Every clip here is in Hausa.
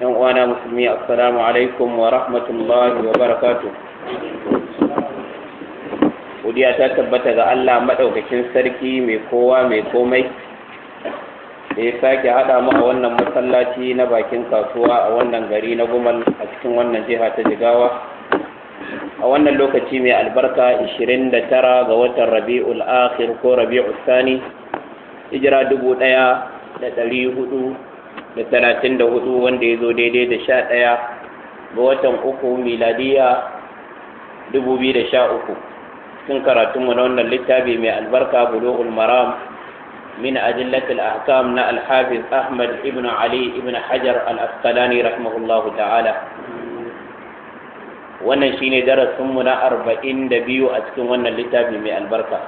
yan uwana musulmi assalamu alaikum wa rahmatullahi wa barakatuh godiya ta tabbata ga Allah madaukakin sarki mai kowa mai komai da ya sake haɗa mu a wannan masallaci na bakin kasuwa a wannan gari na gumal a cikin wannan jiha ta jigawa a wannan lokaci mai albarka 29 ga watan rabi'ul akhir ko rabi'ul sani hijira 1400 da talatin da hudu wanda ya zo daidai da sha ɗaya ga watan uku miladiya dubu biyu da sha uku cikin karatunmu na wannan littafi mai albarka bulughul maram min adillatil ahkam na alhafiz ahmad ibn ali ibn hajar al-asqalani rahimahullahu ta'ala wannan shine darasinmu na arba'in da biyu a cikin wannan littafi mai albarka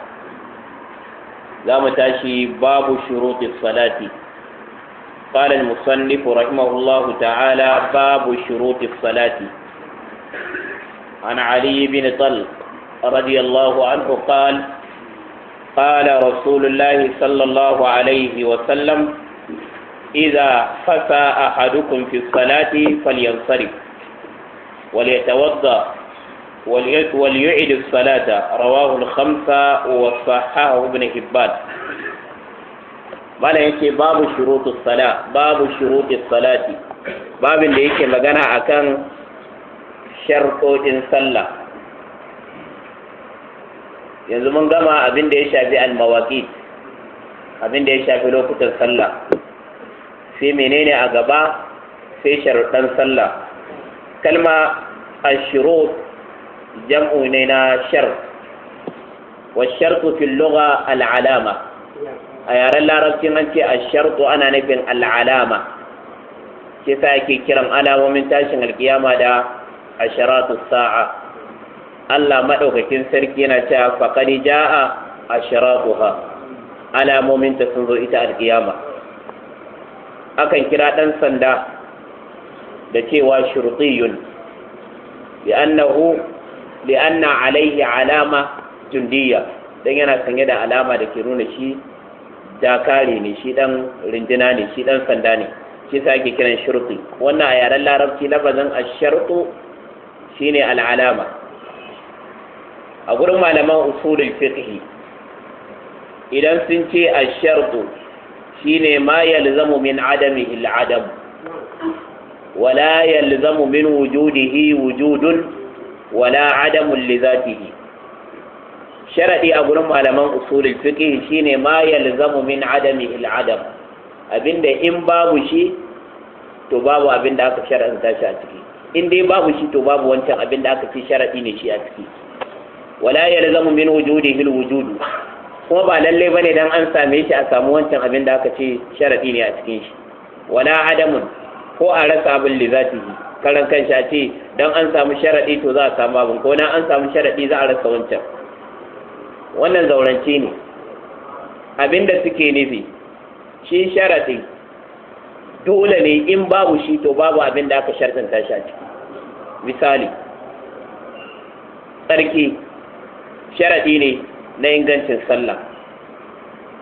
za mu tashi babu shuruɗi salati قال المصنف رحمه الله تعالى باب شروط الصلاة عن علي بن طلق رضي الله عنه قال قال رسول الله صلى الله عليه وسلم إذا فسى أحدكم في الصلاة فلينصرف وليتوضأ وليعد الصلاة رواه الخمسة وصححه ابن حبان ya yake babu shurutus sala babu shurutus salati babin da yake magana akan sharkokin sallah yanzu mun gama abin da ya shafi almawaki abin da ya shafi lokutan sallah sai menene a gaba sai sharuɗan sallah kalma ashurut jam'u ne na shar wa shartu fil lugha al a yaren larabcin an ce a sharto ana nufin al'alama ke sa ake kiran alamomin tashin alkiyama da a sharatu sa'a Allah maɗaukakin sarki yana cewa faƙari ja'a a sharatuha alamomin ta sun zo ita alkiyama akan kira ɗan sanda da cewa shurtiyun li'annahu li'anna alaihi alama jundiyya Dan yana sanye da alama da ke nuna shi jakare ne shi dan rinjina ne shi dan sanda ne shi sa ake kiran shirti wannan a yaren larabci lafazin ashartu shine al'alama a gurin malaman usulul fiqh idan sun ce ashartu shine ma yalzamu min adamihi al'adam wala yalzamu min wujudihi wujudun wala adamun li sharaɗi a gurin malaman usulul shi shine ma yalzamu min adami il adam abinda in babu shi to babu abinda aka shar'anta shi a ciki in dai babu shi to babu wancan abinda aka fi sharaɗi ne shi a ciki wala yalzamu min wujudihi al wujudu kuma ba lalle bane dan an same shi a samu wancan abin da aka ce sharaɗi ne a cikin shi wala adamun ko a rasa abin li zatihi karan kanshi a ce dan an samu sharaɗi to za a samu abin ko na an samu sharaɗi za a rasa wancan wannan zaurance ne abinda suke nufi shi sharadi dole ne in babu shi to babu abin da aka shartanta shi a ciki misali tsarki sharadi ne na ingancin sallah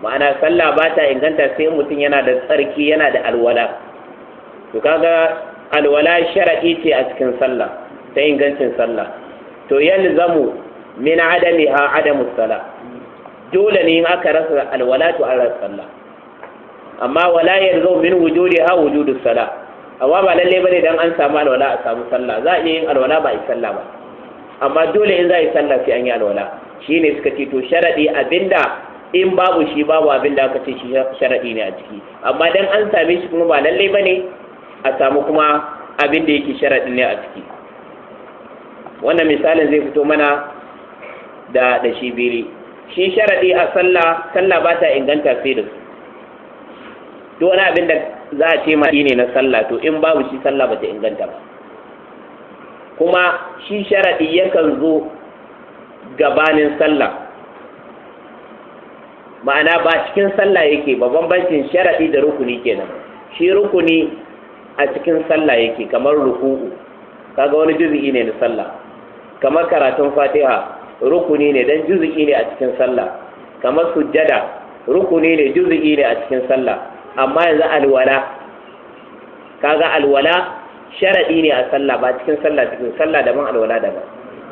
ma'ana sallah ba ta inganta sai mutum yana da tsarki yana da alwala to kaga alwala sharaɗi ce a cikin sallah ta ingancin sallah to zamu min adamiha adamu sala dole ne in aka rasa alwala to an rasa sallah amma wala yanzu min ha wujudu sala amma ba lalle bane dan an samu alwala a samu sallah za a iya yin alwala ba a yi sallah ba amma dole in za a yi sallah sai an yi alwala shine suka ce to sharadi abinda in babu shi babu abin da aka ce shi sharaɗi ne a ciki amma dan an same shi kuma ba lalle ba ne a samu kuma abin da yake sharaɗi ne a ciki wannan misalin zai fito mana da da biri shi sharadi a sallah sallah ba ta inganta sai da su duk wani abin da za a ce ma ne na sallah to in babu shi sallah ba ta inganta ba kuma shi sharadi yakan zo gabanin sallah ma'ana ba cikin sallah yake ba bambancin sharadi da rukuni kenan shi rukuni a cikin sallah yake kamar ruku'u kaga wani juzu'i ne na sallah kamar karatun fatiha rukuni ne dan juzu'i ne a cikin sallah kamar sujjada rukuni ne juzu'i ne a cikin sallah amma yanzu alwala kaga alwala sharadi ne a sallah ba cikin sallah cikin sallah daban alwala daban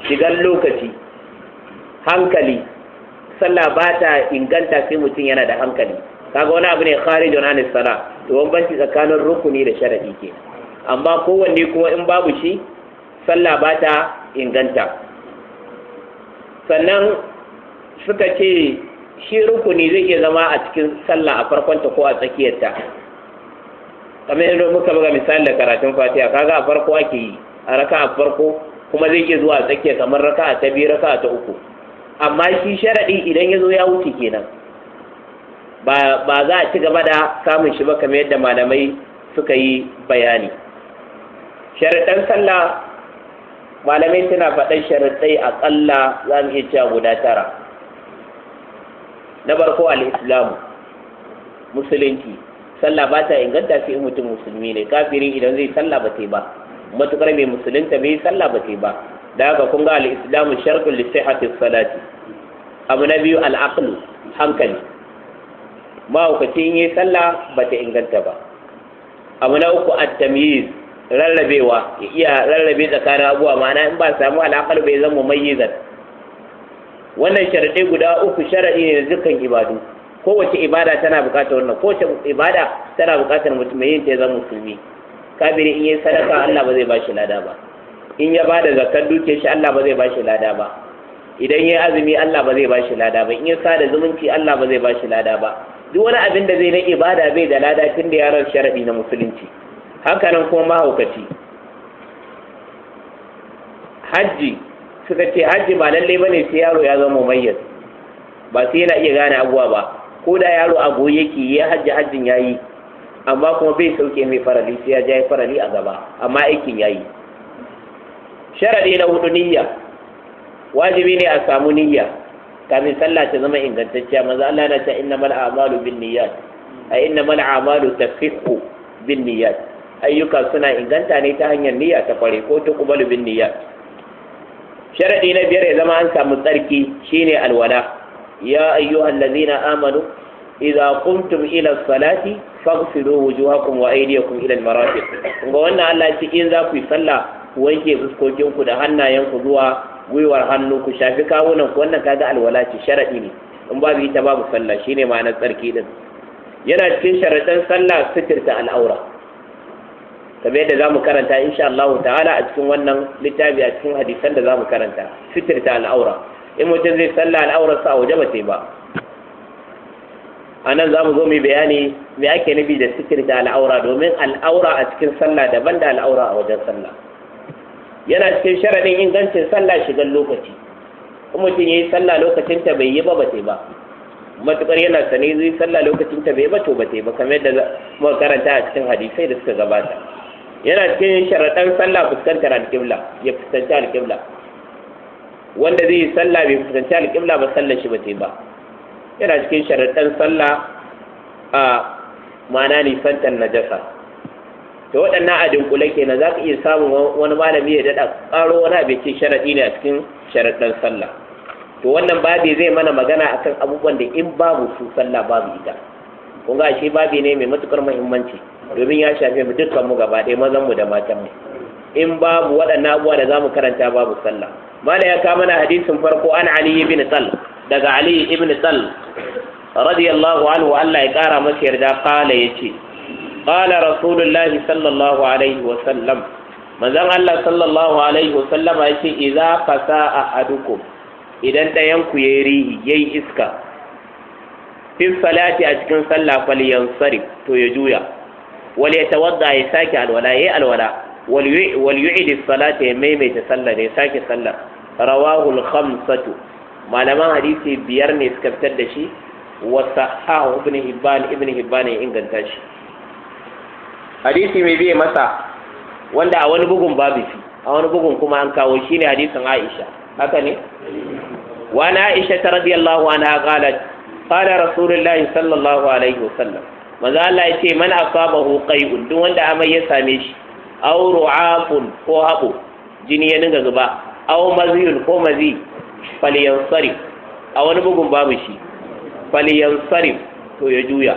shigan lokaci hankali sallah ba ta inganta sai mutum yana da hankali kaga wani abu ne kharijun an sala to banci tsakanin rukuni da sharadi ke amma kowanne kuma in babu shi sallah ba ta inganta sannan suka ce shi rukuni zai iya zama a cikin sallah a farkonta ko a tsakiyarta kamar yadda muka buga misali da karatun fatiha kaga a farko ake yi a raka a farko kuma zai iya zuwa a tsakiya kamar raka a ta biyu raka a ta uku amma shi sharaɗi idan ya zo ya wuce kenan ba ba za a ci gaba da samun shi ba kamar yadda malamai suka yi bayani sharaɗan sallah malamai suna faɗan sharaɗai ƙalla za mu iya cewa guda tara na farko al'islamu musulunci sallah ba ta inganta sai in mutum musulmi ne kafiri idan zai sallah ba ta ba matukar mai musulunta bai sallah ba ta ba da haka kun ga al'islamu sharɗin lissihati salati abu na biyu al'aqlu hankali mahaukacin yi sallah ba ta inganta ba abu na uku at-tamyiz rarrabewa ya iya rarrabe tsakanin abubuwa, ma'ana in ba samu alaƙar bai zama zan. wannan sharaɗe guda uku sharaɗi ne da dukkan ibadu kowace ibada tana buƙatar wannan kowace ibada tana buƙatar mutum mai yin ta zama musulmi kabiri in yi sadaka Allah ba zai ba shi lada ba in ya bada zakar dukiyar shi Allah ba zai ba shi lada ba idan ya azumi Allah ba zai ba shi lada ba in ya sada zumunci Allah ba zai ba shi lada ba duk wani abin da zai na ibada bai da lada tun da yaran sharaɗi na musulunci hakanan kuma mahaukaci hajji suka ce hajji ba lallai ba ne sai yaro ya zama mayyar ba sai yana iya gane abuwa ba ko da yaro a goye yake ya hajji hajjin ya yi amma kuma bai sauke mai farali sai ya ja farali a gaba amma aikin ya yi sharaɗi na hudu niyya wajibi ne a samu niyya kafin sallah ta zama ingantacciya maza Allah na ta inna mal'amalu bin niyyat a innamal a'malu tafiqu bin niyyat ayyuka suna inganta ne ta hanyar niyya ta kware ko ta kubalu bin niyya sharadi na biyar ya zama an samu tsarki shine alwala ya ayyuhal ladzina amanu idza qumtum ila salati faghsilu wujuhakum wa aydiyakum ila almarafiq kun wannan Allah ce in za ku yi sallah ku wanke fuskokin ku da hannayen ku zuwa gwiwar hannu ku shafi kawunan ku wannan kaga alwala ce sharadi ne in babu ita babu sallah shine ma'anar tsarki din yana cikin sharadan sallah sitirta al'aura kamar yadda mu karanta insha Allah ta'ala a cikin wannan littafi a cikin hadisan da za mu karanta fitirta al'aura in mutum zai sallah al'aurarsa sa waje ba sai ba a nan mu zo mu bayani me ake nufi da sitirta al'aura domin al'aura a cikin sallah daban da al'aura a wajen sallah yana cikin sharadin ingancin sallah shigan lokaci in mutum yayi sallah lokacin ta bai yi ba ba sai ba matukar yana sane zai sallah lokacin ta bai ba to ba sai ba kamar yadda muka karanta a cikin hadisai da suka gabata yana cikin sharaɗan sallah fuskantar alƙibla ya fuskanci alƙibla wanda zai yi sallah bai fuskanci alƙibla ba sallar shi ba ta ba yana cikin sharaɗan sallah a ma'ana nisantar najasa to waɗannan a kenan za ka iya samun wani malami ya daɗa ƙaro wani abinci sharaɗi ne a cikin sharaɗan sallah to wannan babi zai mana magana akan abubuwan da in babu su sallah babu ita kun ga shi babi ne mai matuƙar muhimmanci domin ya shafe mu dukkan mu gaba ɗaya mazan mu da matan mu in babu waɗannan abubuwa da zamu karanta babu sallah mala ya kama na hadisin farko an ali ibn sal daga ali ibn sal radiyallahu anhu Allah ya kara masa yarda kala yace qala rasulullahi sallallahu alaihi wa sallam manzon Allah sallallahu alaihi wa sallama yace idza qasa ahadukum idan ɗayan ku yayi rihi yayi iska fi salati a cikin sallah falyansarif to ya juya Wali wal yatawadda ya sake alwala ya yi alwala wal yu'id salata ya maimaita sallah ya sake sallah Rawahul al malaman hadisi biyar ne suka fitar da shi wa sahahu ibn hibban ibn hibban ya inganta shi hadisi mai biye masa wanda a wani bugun babu shi a wani bugun kuma an kawo shi ne hadisin Aisha haka ne wa na Aisha radiyallahu anha qalat qala rasulullahi sallallahu alaihi wasallam manzo Allah ya ce man asabahu qai'un duk wanda amai ya same shi aw ru'afun ko haɓo jini ya dinga zuba aw maziyun ko mazi falyansarif a wani bugun babu shi falyansarif to ya juya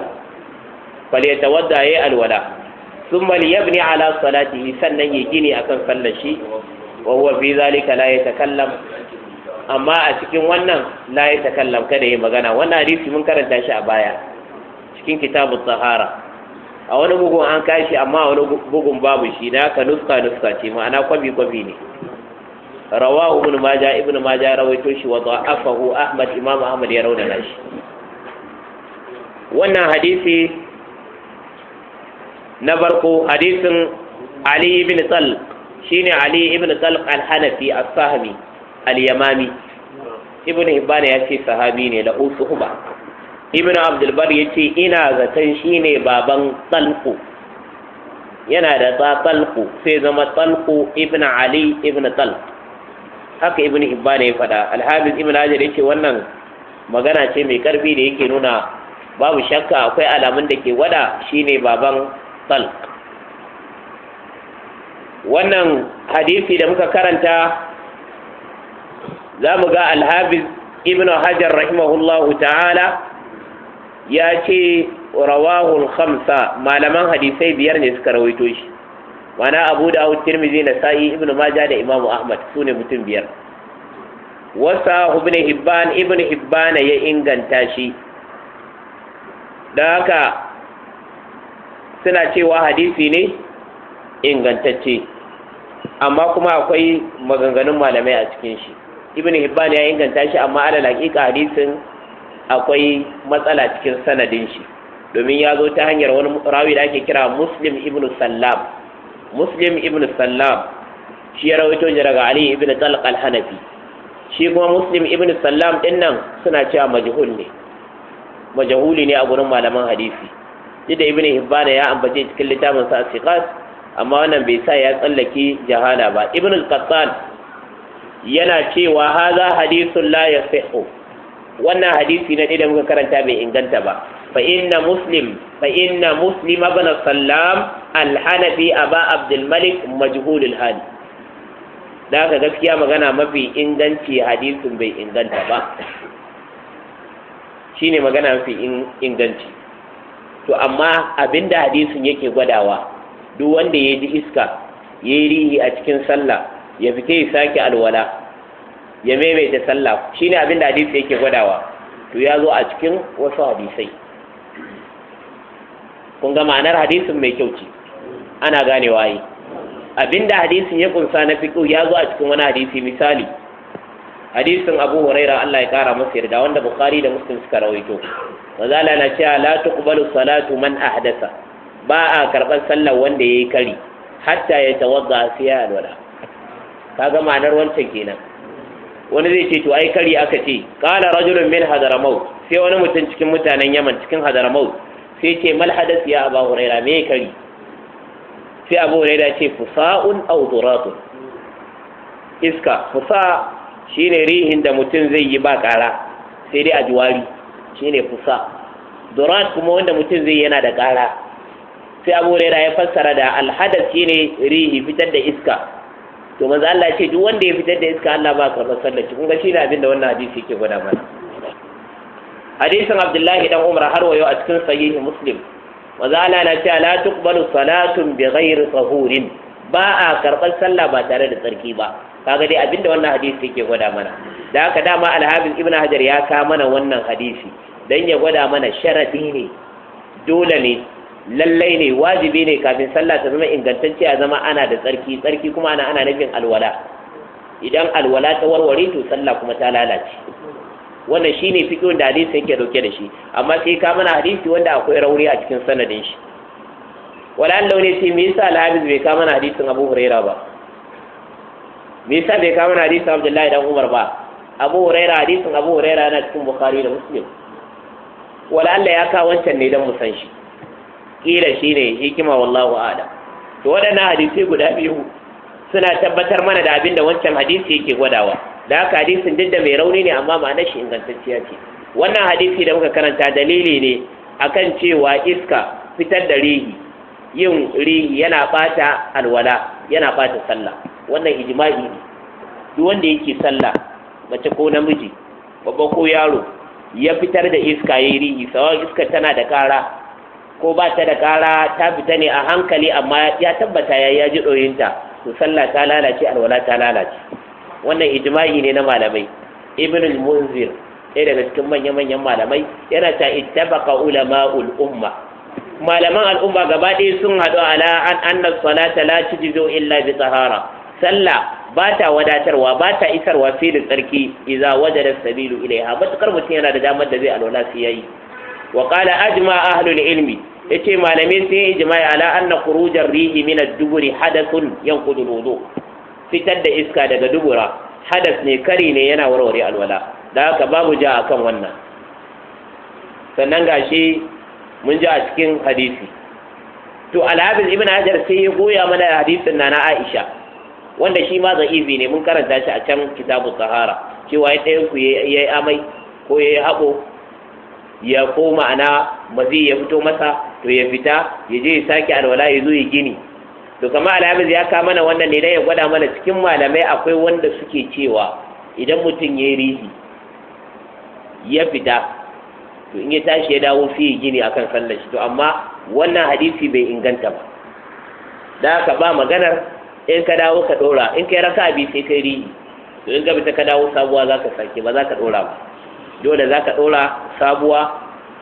falyatawadda yayi alwala thumma liyabni ala salatihi sannan ya gini akan sallar shi wa huwa fi zalika la yatakallam amma a cikin wannan la yatakallam kada ya magana wannan hadisi mun karanta shi a baya cikin kitabu tsahara a wani bugun an kashi amma wani bugun babu shi da ka nuska nuska ce ma'ana kwabi kwabi ne rawa ibn maja ibn maja rawaito shi wa da'afahu ahmad imam ahmad ya raunana shi wannan hadisi na barko hadisin ali ibn talq shine ali ibn sal al-hanafi as-sahmi al-yamami ibn hibban ya ce sahabi ne la usuba ibn abdulbar ya ce ina zaton shine baban talku yana da ta talku sai zama talku ibn ali ibn tsalk haka ibn ne ya faɗa alhabis ibn hajar ya ce wannan magana ce mai karfi da yake nuna babu shakka akwai alamun da ke wada shine baban tsalk wannan hadisi da muka karanta za mu ga alhabis ibn hajar rahimahullahu ta'ala ya ce rawahul khamsa malaman hadisai biyar ne suka rawaito shi mana abu da awu tirmizi na sa'i ibn Maja da imamu ahmad su ne mutum biyar wasa ibn hibban ibn hibban ya inganta shi da haka suna cewa hadisi ne ingantacce amma kuma akwai maganganun malamai a cikin shi ibn hibban ya inganta shi amma alal hakika hadisin akwai matsala cikin sanadin shi domin ya zo ta hanyar wani rawi da ake kira muslim ibn sallam muslim ibn sallam shi ya rawaito ne daga ali ibn talq al-hanafi shi kuma muslim ibn sallam din nan suna cewa majhul ne majhuli ne a gurin malaman hadisi duk da ibn hibban ya ambace cikin littafin sa asiqat amma wannan bai sa ya tsallake jahala ba ibn al-qattan yana cewa hadha hadithun la yasihu wannan hadisi na da muka karanta bai inganta ba fa inna muslim fa inna muslim ibn sallam al-hanafi aba abdul malik majhul al da haka gaskiya magana mafi inganci hadisin bai inganta ba shine magana mafi inganci to amma abinda hadisin yake gwadawa duk wanda ya ji iska ya yi rihi a cikin sallah ya fita ya sake alwala ya maimaita sallah shine abin da hadisi yake gwadawa to ya zo a cikin wasu hadisai kun ga ma'anar hadisin mai kyau ce ana ganewa yi abinda hadisin ya kunsa na fi ya zo a cikin wani hadisi misali hadisin Abu Huraira Allah ya kara masa yarda wanda bukari da Muslim suka rawaito manzo Allah na cewa la tuqbalu salatu man ahdasa ba a karɓar sallar wanda ya yi kari hatta ya tawadda sai ya alwala kaga ma'anar wancan kenan wani zai ce to ai kari aka ce qala rajulun min hadramaut sai wani mutum cikin mutanen Yaman cikin hadramaut sai ce mal hadath ya abu huraira me kari sai abu huraira ce fusa'un aw duratun iska fusa shine rihin da mutum zai yi ba kara sai dai a juwari shine fusa durat kuma wanda mutum zai yana da kara sai abu huraira ya fassara da hadath shine rihi fitar da iska to manzo Allah ya ce duk wanda ya fitar da iska Allah ba karɓar sallar kun ga ne abin da wannan hadisi yake gwada mana hadisin Abdullahi dan Umar har wayo a cikin sahihi Muslim manzo Allah na ce la tuqbalu salatun ghairi tahurin ba a karɓar sallah ba tare da tsarki ba kaga dai abinda wannan hadisi yake gwada mana da haka dama alhabib ibn hajar ya ka mana wannan hadisi dan ya gwada mana sharadi ne dole ne lallai ne wajibi ne kafin sallah ta zama ingantacce a zama ana da tsarki tsarki kuma ana ana nufin alwala idan alwala ta warware to sallah kuma ta lalace wannan shine fikirin da hadisi yake dauke da shi amma sai ka mana hadisi wanda akwai rauri a cikin sanadin shi wala an ne sai me yasa al bai ka mana hadisin Abu Huraira ba me yasa bai ka mana hadisin Abdullahi dan Umar ba Abu Huraira hadisin Abu Huraira yana cikin Bukhari da Muslim wala Allah ya ka wancan ne dan mu san shi kila ne hikima wallahu a'lam to waɗannan hadisi guda biyu suna tabbatar mana da abin da wancan hadisi yake gwadawa da haka hadisin duk da mai rauni ne amma ma'anar shi ingantacciya ce wannan hadisi da muka karanta dalili ne akan cewa iska fitar da rihi yin rihi yana bata alwala yana bata sallah wannan ijma'i ne duk wanda yake sallah mace ko namiji babba ko yaro ya fitar da iska yayi rihi sawa iska tana da kara ko ba ta da ƙara ta fita ne a hankali amma ya tabbata ya ji ɗoyinta to sallah ta lalace alwala ta lalace wannan ijma'i ne na malamai ibn munzir ɗaya daga cikin manya-manyan malamai yana ta ittabaqa ulama'ul umma malaman al'umma gaba ɗaya sun haɗu ala an anna salata la tujzu illa bi tahara sallah ba ta wadatarwa ba ta isarwa filin tsarki idza wajada sabilu ilaiha matukar mutum yana da damar da zai alwala sai yayi wa qala ajma ahlul ilmi yace malamai sun yi ijma'i ala anna khurujar rihi min ad-duburi hadathun yanqudul wudu fitar da iska daga dubura hadas ne kari ne yana warware alwala da haka babu ja akan wannan sannan gashi mun ji a cikin hadisi to alhabis ibn hajar sai ya goya mana hadisin Nana aisha wanda shi ma za'ibi ne mun karanta shi a can kitabu sahara cewa ya ku ya yi amai ko ya yi haɓo ya koma ana mazi ya fito masa to ya fita ya je ya sake alwala ya zo ya gini to kama alhamis ya ka mana wannan ne dan ya gwada mana cikin malamai akwai wanda suke cewa idan mutum ya yi rihi ya fita to in ya tashi ya dawo ya gini akan sallar shi to amma wannan hadisi bai inganta ba da ka ba maganar in ka dawo ka dora in kai raka bi sai kai rihi to in ka fita ka dawo sabuwa za ka sake ba za ka dora ba dole za ka ɗora sabuwa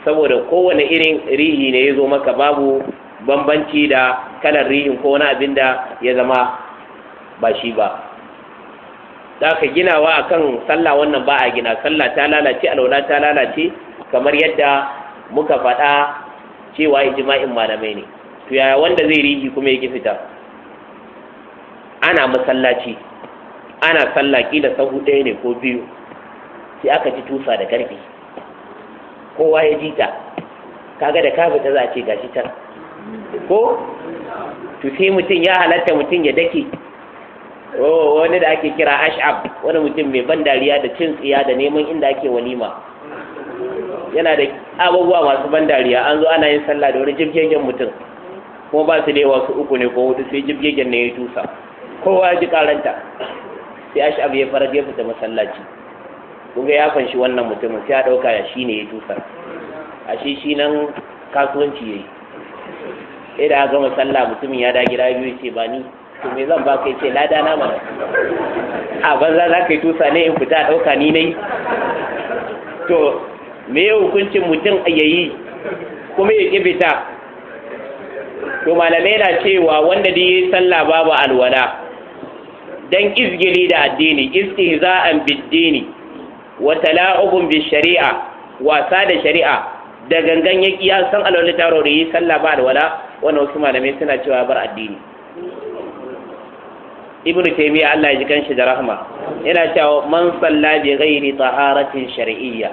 saboda kowane irin rihi ne ya zo maka babu bambanci da kalar rihin ko wani abin da ya zama ba shi ba za ka ginawa akan sallah wannan ba a gina sallah ta lalace alwala ta lalace kamar yadda muka faɗa cewa ijma'in malamai ne to yaya wanda zai rihi kuma ya ki fita ana masallaci ana sallah kila sahu ɗaya ne ko biyu sai aka ji tusa da karfi kowa ya ji ta kaga da kafi ta za a ce gashi can ko to sai mutum ya halatta mutum ya dake wani da ake kira ash'ab wani mutum mai ban dariya da cin tsiya da neman inda ake walima yana da abubuwa masu ban dariya an zo ana yin sallah da wani jibgegen mutum kuma ba su lewa su uku ne ko hudu sai jibgegen ne ya tusa kowa ya ji karanta sai ash'ab ya farar ya fita masallaci kun ga ya fanshi wannan mutumin sai a ɗauka da shi ne ya tuka a shi shi nan kasuwanci ya yi sai da aka gama sallah mutumin ya da gida biyu ce ba ni to me zan ba kai ce lada na mana a banza za ka yi tusa ne in fita a ɗauka ni ne to me ya hukuncin mutum ya yi kuma ya ƙi to malamai na cewa wanda da ya yi sallah babu alwala dan izgili da addini istihza'an biddini wa tala'ubun bi shari'a wasa da shari'a da gangan ya kiya san alwala taro da yi sallah ba da wala wannan wasu malamai suna cewa bar addini ibn taymiya Allah ya ji kanshi da rahma yana cewa man salla bi ghairi taharatin shar'iyya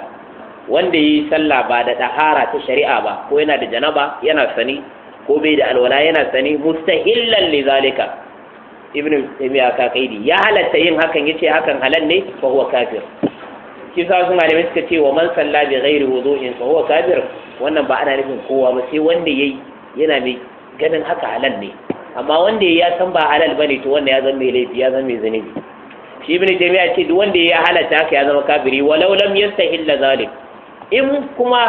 wanda yi sallah ba da tahara ta shari'a ba ko yana da janaba yana sani ko bai da alwala yana sani mustahillan li zalika ibn taymiya ka kaidi ya halatta yin hakan yace hakan halal ne fa huwa kafir shi sa wasu malamai suka ce wa man salla bi ghairi wudu'in fa huwa kafir wannan ba ana nufin kowa ba sai wanda yayi yana mai ganin haka halal ne amma wanda ya san ba halal bane to wanda ya zama mai laifi ya zama mai zunubi shi ibn jami'a ce duk wanda ya halatta haka ya zama kafiri walau lam yastahilla zalik in kuma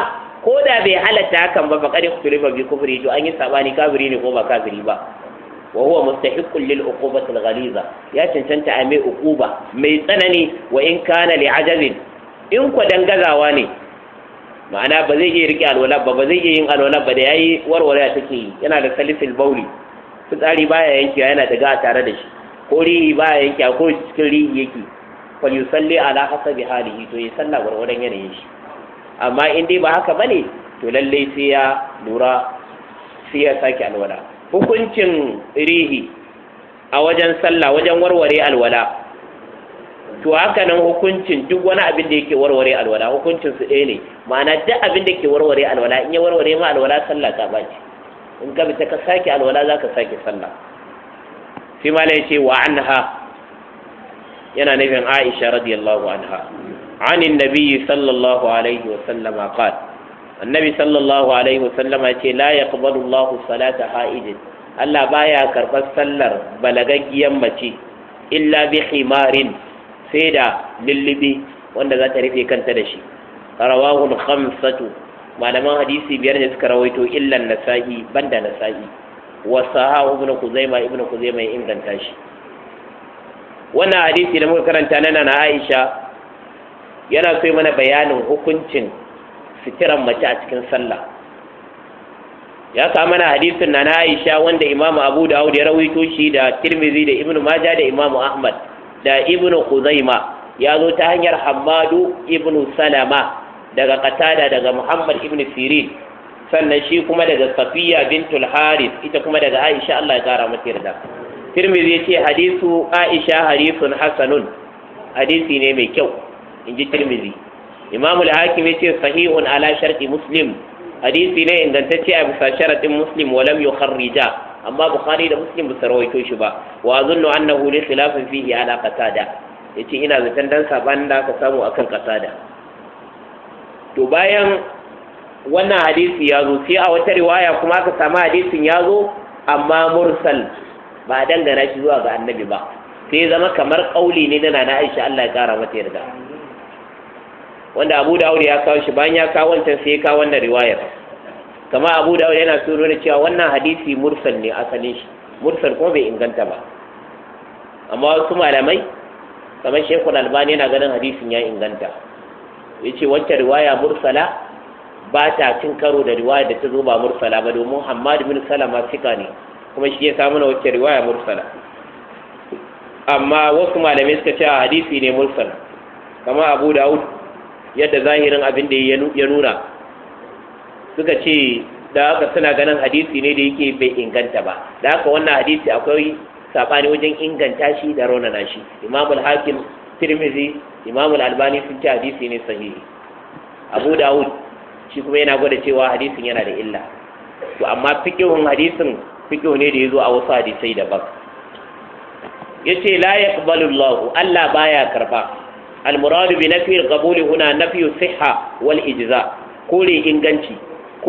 ko da bai halatta hakan ba faqad ikhtilifa bi kufri to an yi sabani kafiri ne ko ba kafiri ba wa huwa mustahiqqun lil uqubati al ghaliza ya cancanta a mai uquba mai tsanani wa in kana li ajabin in ku gazawa ne ma'ana ba zai iya riƙe alwala ba ba zai iya yin alwala ba da ya yayi warware take yi yana da salisil bauli fitsari ya yankewa yana daga tare da shi ko rihi ya yankewa ko cikin rihi yake fal yusalli ala hasabi halihi to ya sallah gwargwadon yanayin shi amma in dai ba haka bane to lallai sai ya lura sai ya sake alwala hukuncin rihi a wajen sallah wajen warware alwala to haka nan hukuncin duk wani abin da yake warware alwala hukuncin su ɗaya ne ma'ana duk abin da yake warware alwala in ya warware ma alwala sallah ta baci in ka bita ka sake alwala za ka sake sallah sai mala ce wa anha yana nufin aisha radiyallahu anha عن النبي صلى الله عليه وسلم قال النبي صلى الله عليه وسلم لا يقبل الله صلاة حائد ألا بايا كرب السلر بلغ يمتي إلا بخمار sai da lullubi wanda za ta rufe kanta da shi rawahu khamsatu malaman hadisi biyar ne suka rawaito illan nasa'i banda nasa'i wa sahahu ibn kuzaima ibn kuzaima ya inganta shi wannan hadisi da muka karanta nan na Aisha yana so mana bayanin hukuncin sitiran mace a cikin sallah ya sa mana hadisin na Aisha wanda Imam Abu Dawud ya rawaito shi da Tirmidhi da Ibn Majah da Imam Ahmad da ibn Khuzaima ya zo ta hanyar Hammadu ibn Salama daga Qatada daga Muhammad ibn Sirin sannan shi kuma daga Safiya bintul Haris ita kuma daga Aisha Allah ya kara mata yarda Tirmidhi ya ce hadisu Aisha hadisun hasanun hadisi ne mai kyau inji Tirmidhi Imam al-Hakim ya ce sahihun ala sharti Muslim hadisi ne ingantacce a bisa sharaɗin Muslim walam yukharrija amma bukhari da muslim ba rawaito shi ba wa azunnu annahu li khilafin fihi ala qatada yace ina zaton dan saban da aka samu akan qatada to bayan wannan hadisi ya zo sai a wata riwaya kuma aka samu hadisin ya zo amma mursal ba dangana shi zuwa ga annabi ba sai zama kamar kauli ne na nana Aisha Allah ya kara mata yarda wanda Abu Dawud ya kawo shi bayan ya kawo wancan sai ya kawo wannan riwayar kama abu da yana so nuna cewa wannan hadisi mursal ne asalin shi mursal kuma bai inganta ba amma wasu malamai kamar shekul albani yana ganin hadisin ya inganta ya ce wancan riwaya mursala ba ta cin karo da riwaya da ta zo ba mursala ba domin hamad bin salama sika ne kuma shi ya samu na wancan riwaya mursala amma wasu malamai suka ce hadisi ne Mursal. kama abu da yadda zahirin abin da ya nuna suka ce da haka suna ganin hadisi ne da yake bai inganta ba da haka wannan hadisi akwai sabani wajen inganta shi da raunana shi imam al-hakim tirmizi imam al-albani sun ce hadisi ne sahihi abu dawud shi kuma yana gwada cewa hadisin yana da illa to amma fiqhun hadisin fiqh ne da yazo a wasu hadisai ba yace la yaqbalu Allah Allah baya karba al murad bi nafi al-qabuli huna nafi sihha wal ijza kore inganci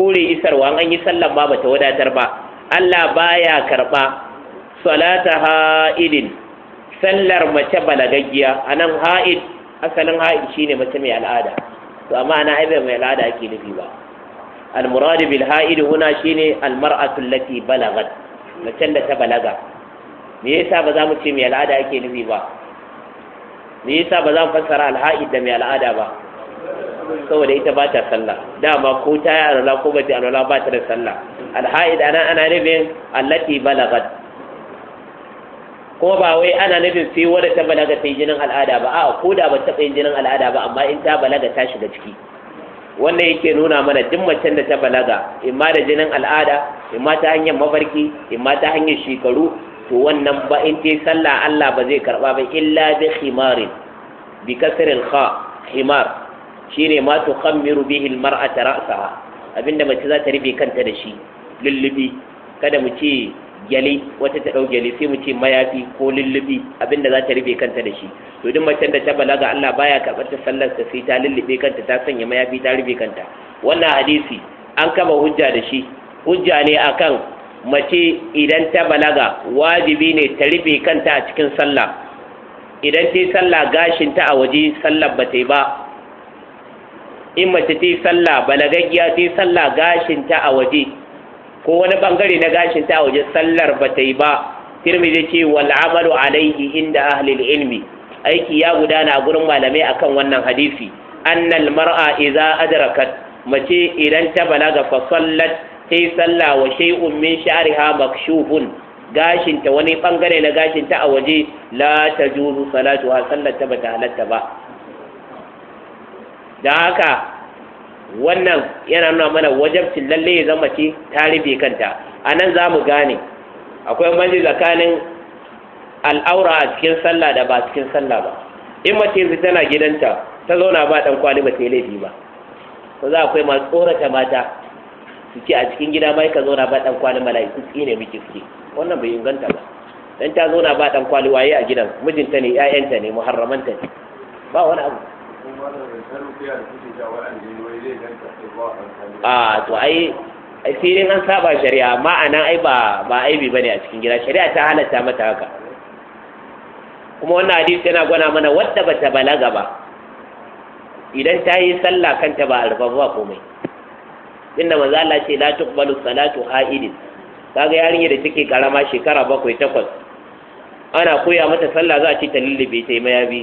kore isarwa an yi sallan ba bata wadatar ba Allah baya karɓa salata ha'idin sallar mace balagaggiya anan ha'id asalin ha'id shine mace mai al'ada to amma ana haibe mai al'ada ake nufi ba al-murad bil ha'id huna shine al-mar'atu allati balagat macen da ta balaga me yasa ba za mu ce mai al'ada ake nufi ba me yasa ba za mu fassara al-ha'id da mai al'ada ba saboda ita ba ta sallah dama ko ta yi alwala ko ba ta alwala ba ta da sallah alha'id ana ana nufin allati balagat kuma ba wai ana nufin sai wadda ta balaga ta jinin al'ada ba a ko da ba ta yin jinin al'ada ba amma in ta balaga ta shiga ciki wannan yake nuna mana duk macen da ta balaga imma da jinin al'ada imma ta hanyar mafarki imma ta hanyar shekaru to wannan ba in ta yi sallah Allah ba zai karba ba illa bi khimarin bi kasrin kha himar. shine ma tukhammiru bihi almar'ata ra'saha abinda mace za ta rufe kanta da shi lullubi kada mu ce gyale wata ta ɗau gyale sai mu ce mayafi ko lullubi abinda za ta rufe kanta da shi to duk macen da ta balaga Allah baya karɓar ta sallar ta sai ta lullube kanta ta sanya mayafi ta rufe kanta wannan hadisi an kama hujja da shi hujja ne akan mace idan ta balaga wajibi ne ta rufe kanta a cikin sallah idan ta yi sallah gashinta a waje sallar ba ta yi ba in mace ta yi sallah balagaggiya ta yi sallah gashinta a waje ko wani bangare na gashinta a waje sallar ba ta yi ba tirmidhi ce wal amalu alaihi inda ahlil ilmi aiki ya gudana a gurin malamai akan wannan hadisi annal mar'a idza adrakat mace idan ta balaga fa sallat ta yi sallah wa shay'un min sha'riha makshufun gashinta wani bangare na gashinta a waje la tajuzu salatuha sallar ta bata halatta ba da haka wannan yana nuna mana wajabci lalle ya zama ce tarihi kanta a nan za mu gane akwai wani tsakanin al'aura a cikin sallah da ba cikin sallah ba in mace tana gidanta ta zauna ba dan kwali ba ta laifi ba ko za akwai masu tsorata mata suke a cikin gida mai ka zauna ba dan kwali mala'iku tsine miki suke wannan bai inganta ba dan ta zauna ba dan kwali waye a gidan mijinta ne ƴaƴanta ne muharramanta ne ba wani abu a to ai ai filin an saba shari'a amma ai ba ba aibi bane a cikin gida shari'a ta halatta mata haka kuma wannan hadisi yana gwana mana wadda bata balaga ba idan ta yi sallah kanta ba alfa ba komai inda maza Allah ce la tuqbalu salatu ha'idin kaga yarinya da take karama shekara bakwai takwas ana koya mata sallah za a ce ta lullube ta yi mayabi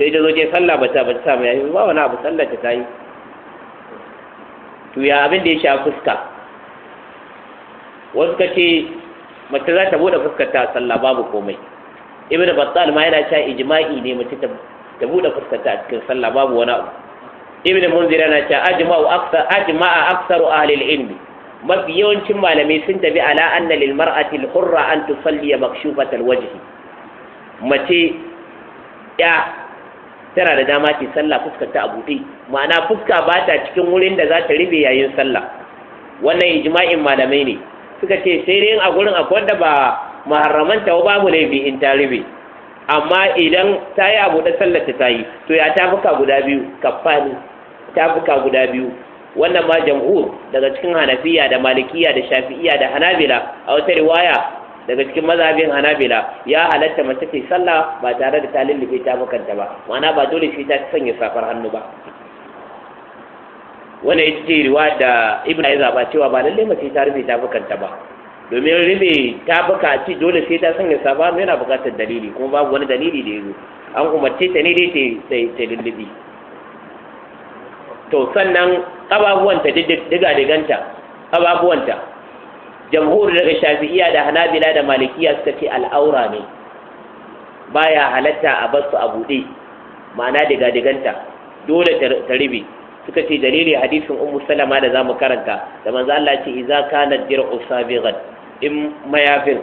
sai ta zo ta sallah ba ta ba ta samu yayi ba wani abu sallar ta tayi to ya abin da ya sha fuska wasu ka ce mace za ta bude fuskar ta sallah babu komai ibnu battal ma yana cewa ijma'i ne mace ta ta bude fuskar ta cikin sallah babu wani abu ibnu munzir yana cewa ajma'u akthar ajma'a aksaru ahli al-ilm mafi yawancin malamai sun tafi ala anna lil mar'ati al-hurra an tusalli makshufat al-wajh mace ya tana da dama ce sallah fuskar ta a ma'ana fuska ba ta cikin wurin da za ta rube yayin sallah wannan ijma'in malamai ne suka ce sai dai a gurin akwai wanda ba maharramanta ba babu laifi in ta rube amma idan ta yi abu buɗe sallar ta yi to ya ta fuka guda biyu kafani ta fuka guda biyu wannan ma jam'ur daga cikin hanafiya da malikiya da shafi'iya da hanabila a wata riwaya daga cikin mazhabin hanabila ya halatta mace ta sallah ba tare da ta lullube ta bukanta ba ma'ana ba dole sai ta sanya safar hannu ba Wani ita ce riwa da ibn ya zaba cewa ba lallai mace ta rufe ta bukanta ba domin rufe ta ce dole sai ta sanya safa hannu yana bukatar dalili kuma babu wani dalili da ya zo an umarce ta ne dai ta lullube to sannan ƙababuwanta diga diganta ƙababuwanta. jamhur daga shafi'iya da hanabila da malikiya suka ce al'aura ne baya halatta a basu a buɗe ma'ana daga diganta dole ta ribe suka ce dalilin hadisin ummu salama da zamu karanta da manzo Allah ce idza kana dir'u sabighan in mayafin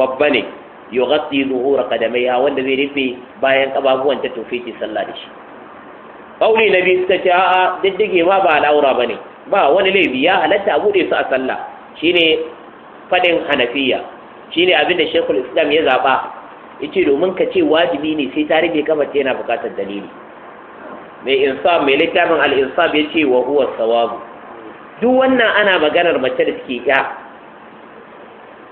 babba ne yughatti zuhura qadamaiha wanda zai rufe bayan kababuwan ta tofe ki sallah da shi na nabi suka ce a'a diddige ma ba al'aura bane ba wani laifi ya halatta a buɗe su a sallah shine faɗin hanafiya shine abin da shekul islam ya zaba yace domin ka ce wajibi ne sai ta rufe kafar yana bukatar dalili mai insaf mai littafin al ya ce wa huwa sawabu duk wannan ana maganar mace da suke ya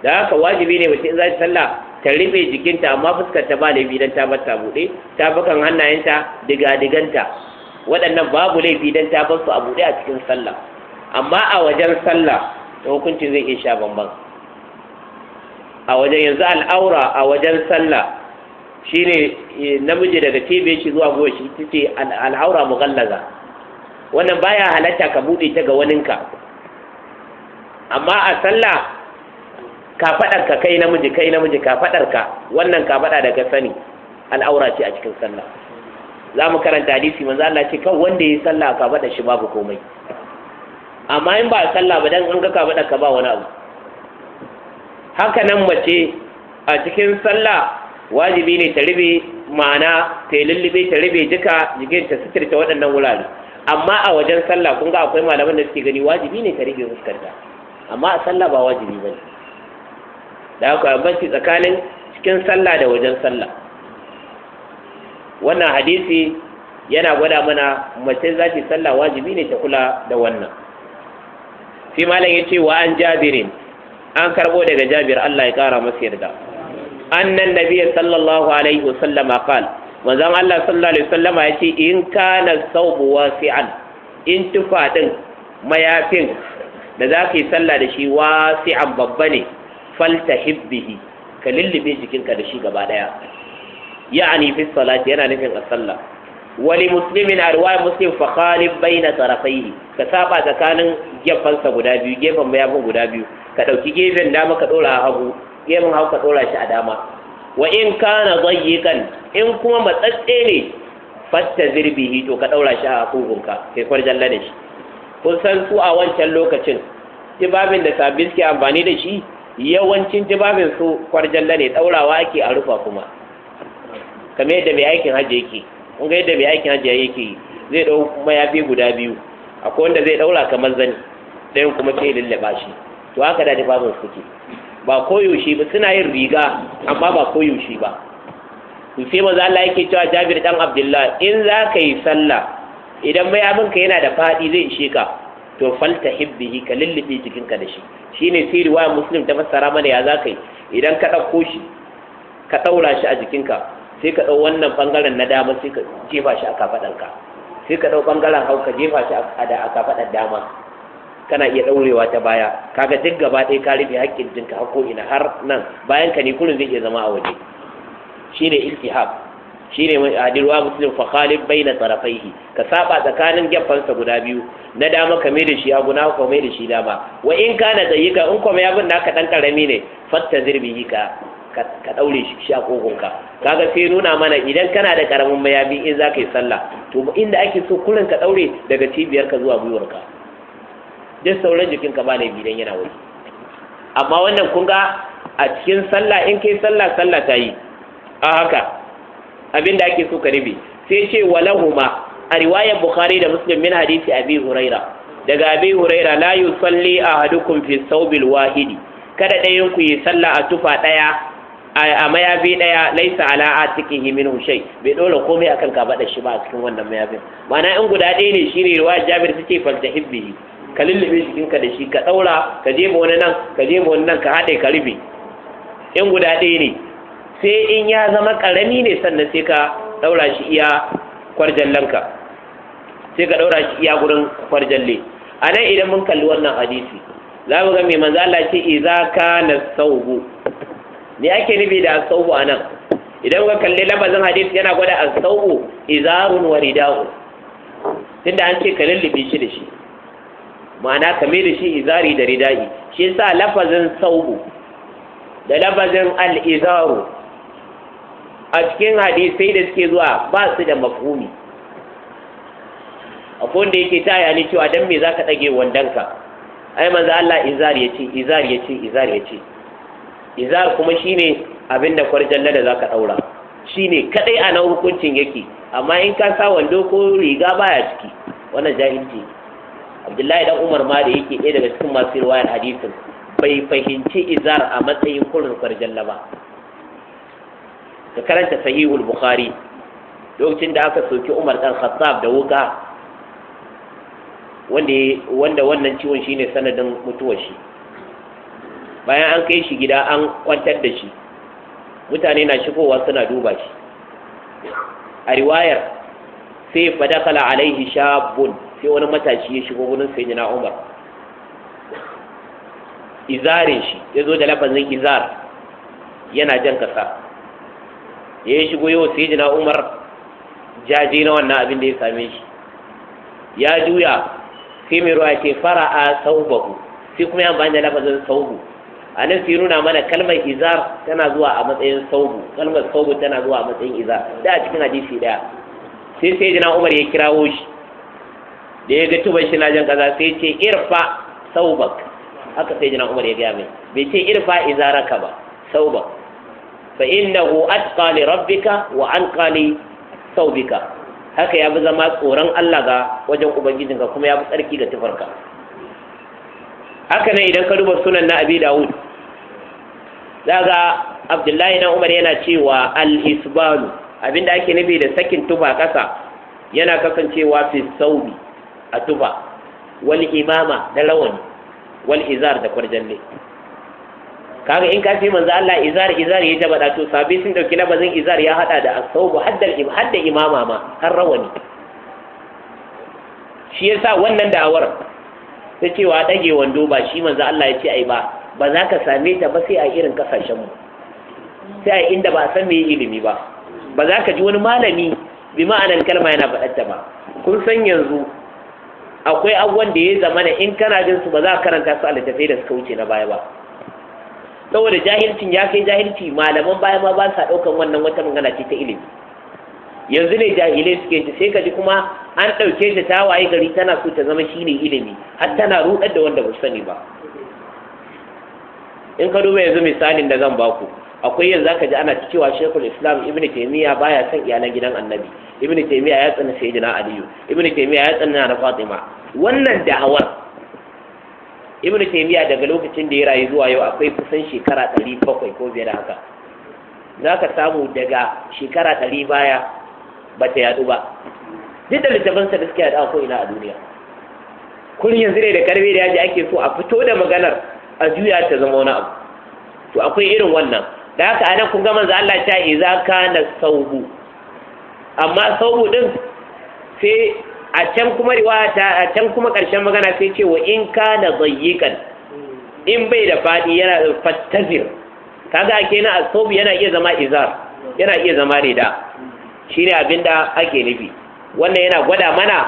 da haka wajibi ne mace in za ta sallah ta rufe jikinta amma fuskar ta ba laifi dan ta bar ta bude ta hannayenta diga diganta waɗannan babu laifi dan ta bar su a bude a cikin sallah amma a wajen sallah da hukuncin zai iya sha bamban a wajen yanzu al'aura a wajen sallah shine eh, namiji daga tebe shi zuwa goshi ce al'aura mughallaza wannan baya halatta ka bude ta ga waninka amma a sallah ka fadar ka kai namiji kai namiji ka fadar ka wannan ka fada daga sani al'aura ce a cikin sallah za mu karanta hadisi manzo Allah ce kan wanda yi sallah ka fada shi babu komai amma in ba a sallah ba dan an ga ka ka ba wani abu haka nan mace a cikin sallah wajibi ne ta rube ma'ana ta lullube ta rube jika jigin ta sitirta waɗannan wurare amma a wajen sallah kun ga akwai malaman da suke gani wajibi ne ta rube fuskarta amma a sallah ba wajibi bane da haka banci tsakanin cikin sallah da wajen sallah wannan hadisi yana gwada mana mace za ta sallah wajibi ne ta kula da wannan fi malam ce wa an jabirin an karbo daga jabir Allah ya kara masa yarda annan nabiy sallallahu alaihi wasallam qala manzon Allah sallallahu alaihi wasallam yace in kana sawbu wasi'an in tufa din mayafin da za ka yi sallah da shi wasi'an babba ne faltahib bihi ka lullube jikinka da shi gaba daya ya'ani fi salati yana nufin a sallah wali musulmin arwa ruwayar muslim bai na baina ka saba tsakanin gefansa guda biyu gefen mayafin guda biyu ka ɗauki gefen dama ka ɗora a hagu gefen hagu ka ɗora shi a dama wa in kana kan, in kuma matsatse ne fatta zirbihi hito, ka ɗora shi a hukunka. kai kwarjalla da shi kun san su a wancan lokacin tibabin da sabbin suke amfani da shi yawancin tibabin su kwarjalla ne ɗaurawa ake a rufa kuma kamar yadda mai aikin hajji yake kun ga yadda mai aikin hajji ya yake yi zai dau mayafi guda biyu akwai wanda zai daura kamar zani ɗayan kuma ke lallaba shi to haka da tufafin suke ba koyaushe ba suna yin riga amma ba koyaushe ba to sai maza Allah yake cewa Jabir dan Abdullah in za ka yi sallah idan ka yana da faɗi zai ishe ka to falta hibbihi ka lullube jikinka da shi shine sai riwaya muslim ta fassara mana ya za ka yi idan ka dauko shi ka shi a jikinka sai ka ɗau wannan ɓangaren na dama sai ka jefa shi a kafaɗarka sai ka ɗau ɓangaren hau ka jefa shi a kafaɗar dama kana iya ɗaurewa ta baya kaga duk gaba ɗaya ka rufe haƙƙin jinka hako ina har nan bayan ka ne kullum zai iya zama a waje shine iltihab shine mai adirwa muslim fa khalib baina tarafaihi ka saba tsakanin geffansa guda biyu na dama ka mai da shi abu na ka mai da shi dama wa in kana dayyika in kuma yabin naka dan karami ne fatta yi ka ka ɗaure shi sha a kogonka kaga sai nuna mana idan kana da karamin mayafi in za ka yi sallah to inda ake so kullum ka ɗaure daga cibiyar ka zuwa gwiwarka duk sauran jikinka ba laifi yana waje amma wannan kun ga a cikin sallah in kai sallah sallah ta yi a haka abin ake so ka rufe sai ce walahuma a riwayar bukhari da muslim min hadisi abi huraira daga abi huraira la yusalli ahadukum fi thawbil wahidi kada ɗayan ku yi sallah a tufa ɗaya a mayafi daya laisa ala atikihi minhu shay bai dole komai akan da shi ba a cikin wannan mayafin ma'ana in guda ɗaya ne shi shine Jamiar Jabir ce falta bihi ka lullube jikinka da shi ka daura ka jefa wani nan ka jefa wani nan ka haɗe ka rufe in guda ɗaya ne sai in ya zama karami ne sannan sai ka daura shi iya kwarjallanka sai ka daura shi iya gurin kwarjalle a nan idan mun kalli wannan hadisi za mu ga mai manzo Allah ce idza kana saubu me ake nufi da asawu a nan idan ka kalli lamazin hadith yana gwada asawu izarun wa ridahu tunda an ce ka lullube shi da shi ma'ana ka mai da shi izari da ridahi shi sa lafazin saubu da lafazin al'izaru a cikin hadisai da suke zuwa ba su da mafhumi akwai wanda yake ta yani cewa don me za ka ɗage wandanka ai manzo Allah izar ya izar Izari izar ce. izar kuma shine abinda kwarjalla da za ɗaura, daura shine kadai a nan hukuncin yake amma in ka sa wando ko riga baya ciki wannan jahilci Abdullahi dan Umar ma da yake ɗaya daga cikin masu riwayar hadisin bai fahimci izar a matsayin kurin kwarjalla ba ka karanta sahihul bukhari lokacin da aka soki Umar dan Khattab da wuka wanda wannan ciwon shine sanadin mutuwar shi bayan an kai shi gida an kwantar da shi mutane na shigowa suna duba shi a riwayar sai fadakala alaihi shabun sai wani matashi ya shigo sai jina Umar izarin shi ya zo da lafazin izar yana jan kasa ya shigo yau sai jina Umar jaje na wannan abin da ya same shi ya juya sai mai ruwa ce fara'a ku, sai kuma ya bani da lafazin saubu a nan fi nuna mana kalmar izar tana zuwa a matsayin saubu kalmar saubu tana zuwa a matsayin izar da a cikin hadisi daya sai sai jina umar ya kirawo shi da ya ga tuban shi na jan kaza sai ce irfa saubak haka sai jina umar ya gaya mai bai ce irfa izaraka ba saubak fa innahu atqa li rabbika wa anqa li saubika haka ya bi zama tsoron Allah ga wajen ubangijinka kuma ya bi tsarki ga tufarka haka nan idan ka duba sunan na abi dawud daga abdullahi na umar yana cewa alhisbanu abinda ake nufi da sakin tufa kasa yana kasancewa fi saubi a tufa wal imama da rawani wal izar da kwarjalle kaga in ka fi manzo Allah izar izar ya jaba to sabi sun dauki labazin izar ya hada da asaubu haddal im hadda imama ma har rawani shi yasa wannan da'awar ta cewa ɗage wando ba shi manzo Allah ya ce ai ba ba za ka same ta ba sai a irin kasashen mu sai a inda ba a san me ilimi ba ba za ka ji wani malami bi ma'anar kalma yana faɗar ta ba kun san yanzu akwai abubuwan da ya zamana in kana jin su ba za ka karanta su a littattafai da suka wuce na baya ba saboda jahilcin ya kai jahilci malaman baya ma ba sa ɗaukan wannan wata magana ce ta ilimi yanzu ne jahilai suke ta sai ka ji kuma an ɗauke ta ta waye gari tana so ta zama shine ilimi har tana ruɗar da wanda ba su sani ba in ka duba yanzu misalin da zan ba baku akwai yanzu aka ji ana cewa shekul islam ibn taymiya baya son iyalan gidan annabi ibn taymiya ya tsana jina aliyu ibn taymiya ya tsana na fatima wannan da'awar ibn taymiya daga lokacin da ya rayu zuwa yau akwai kusan shekara ɗari bakwai ko biyar da haka za ka samu daga shekara ɗari baya ba ta yadu ba duk da littafinsa da suke yadu ko ina a duniya kullum yanzu ne da karbe da yaji ake so a fito da maganar a juya ta zama wani abu to akwai irin wannan da haka anan kun ga manzo Allah ta iza na sauhu amma sauhu din sai a can kuma riwa ta a can kuma karshen magana sai ce wa in kana kan in bai da fadi yana da fattazir kaga kenan sauhu yana iya zama izar yana iya zama rida shine abin da ake nufi wannan yana gwada mana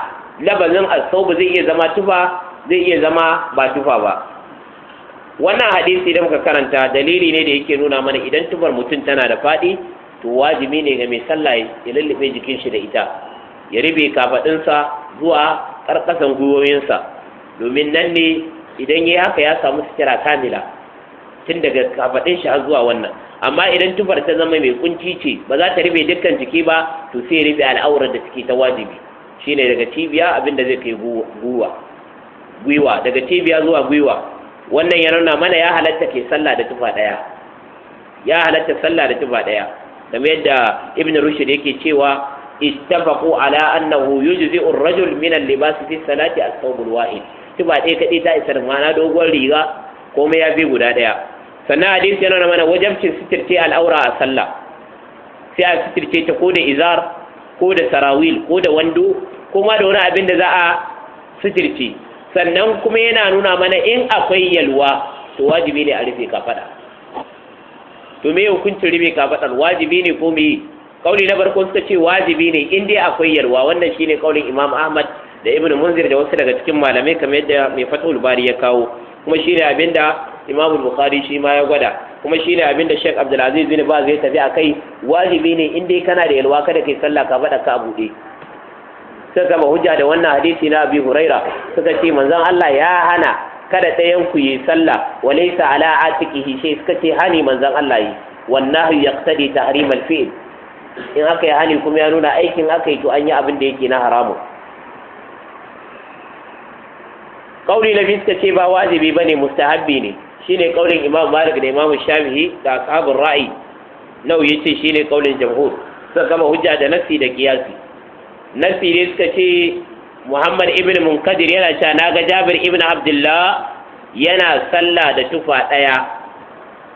labarin asaubu zai iya zama tufa zai iya zama ba tufa ba wannan hadisi da muka karanta dalili ne da yake nuna mana idan tufar mutum tana da faɗi to wajibi ne ga mai sallah ya lullube jikin shi da ita ya rube kafaɗinsa zuwa ƙarƙasan gwiwoyinsa domin nan ne idan ya haka ya samu sutura kamila tun daga kafaɗin shi har zuwa wannan amma idan tufar ta zama mai kunci ce ba za ta rufe dukkan jiki ba to sai rufe al'aurar da suke ta wajibi shine daga cibiya da zai kai gwiwa daga cibiya zuwa gwiwa wannan ya nuna mana ya halatta ke sallah da tufa daya ya halatta sallah da tufa daya kamar yadda ibn rushd yake cewa ittafaqu ala annahu yujzi'u ar-rajul min al-libas fi salati as-thawb al-wahid tufa ɗaya kadai ta isar mana doguwar riga komai ya bi guda ɗaya. sannan hadisi yana nuna mana wajabcin sitirce al'aura a sallah sai a sitirce ta ko da izar ko da sarawil ko da wando ma da wani abin da za a sitirce sannan kuma yana nuna mana in akwai yalwa to wajibi ne a rufe kafada to me hukuncin rufe kafadar wajibi ne ko meye kauli na farko suka ce wajibi ne in dai akwai yalwa wannan shine kaulin Imam Ahmad da ibnu Munzir da wasu daga cikin malamai kamar yadda mai fatul Bari ya kawo kuma shine abinda imam bukhari shi ma ya gwada kuma shine abin da sheikh abdulaziz bin baz ya tafi kai, wajibi ne in dai kana da yalwa kada kai sallah ka faɗa ka a buɗe suka hujja da wannan hadisi na abi huraira suka ce manzon Allah ya hana kada ɗayan ku yi sallah walaysa ala atikihi shi suka ce hani manzon Allah yi wannan yaqtadi tahrim al-fi'l in aka yi hani kuma ya nuna aikin aka yi to an yi abin da yake na haramun kauli na biyu ce ba wajibi bane mustahabbi ne shine kaulin imam malik da imam shafi'i da Asabar ra'i nau yace shine kaulin jamhur suka gama hujja da nasi da kiyasi nasi ne suka ce muhammad ibn munkadir yana cewa naga jabir ibn abdullah yana sallah da tufa daya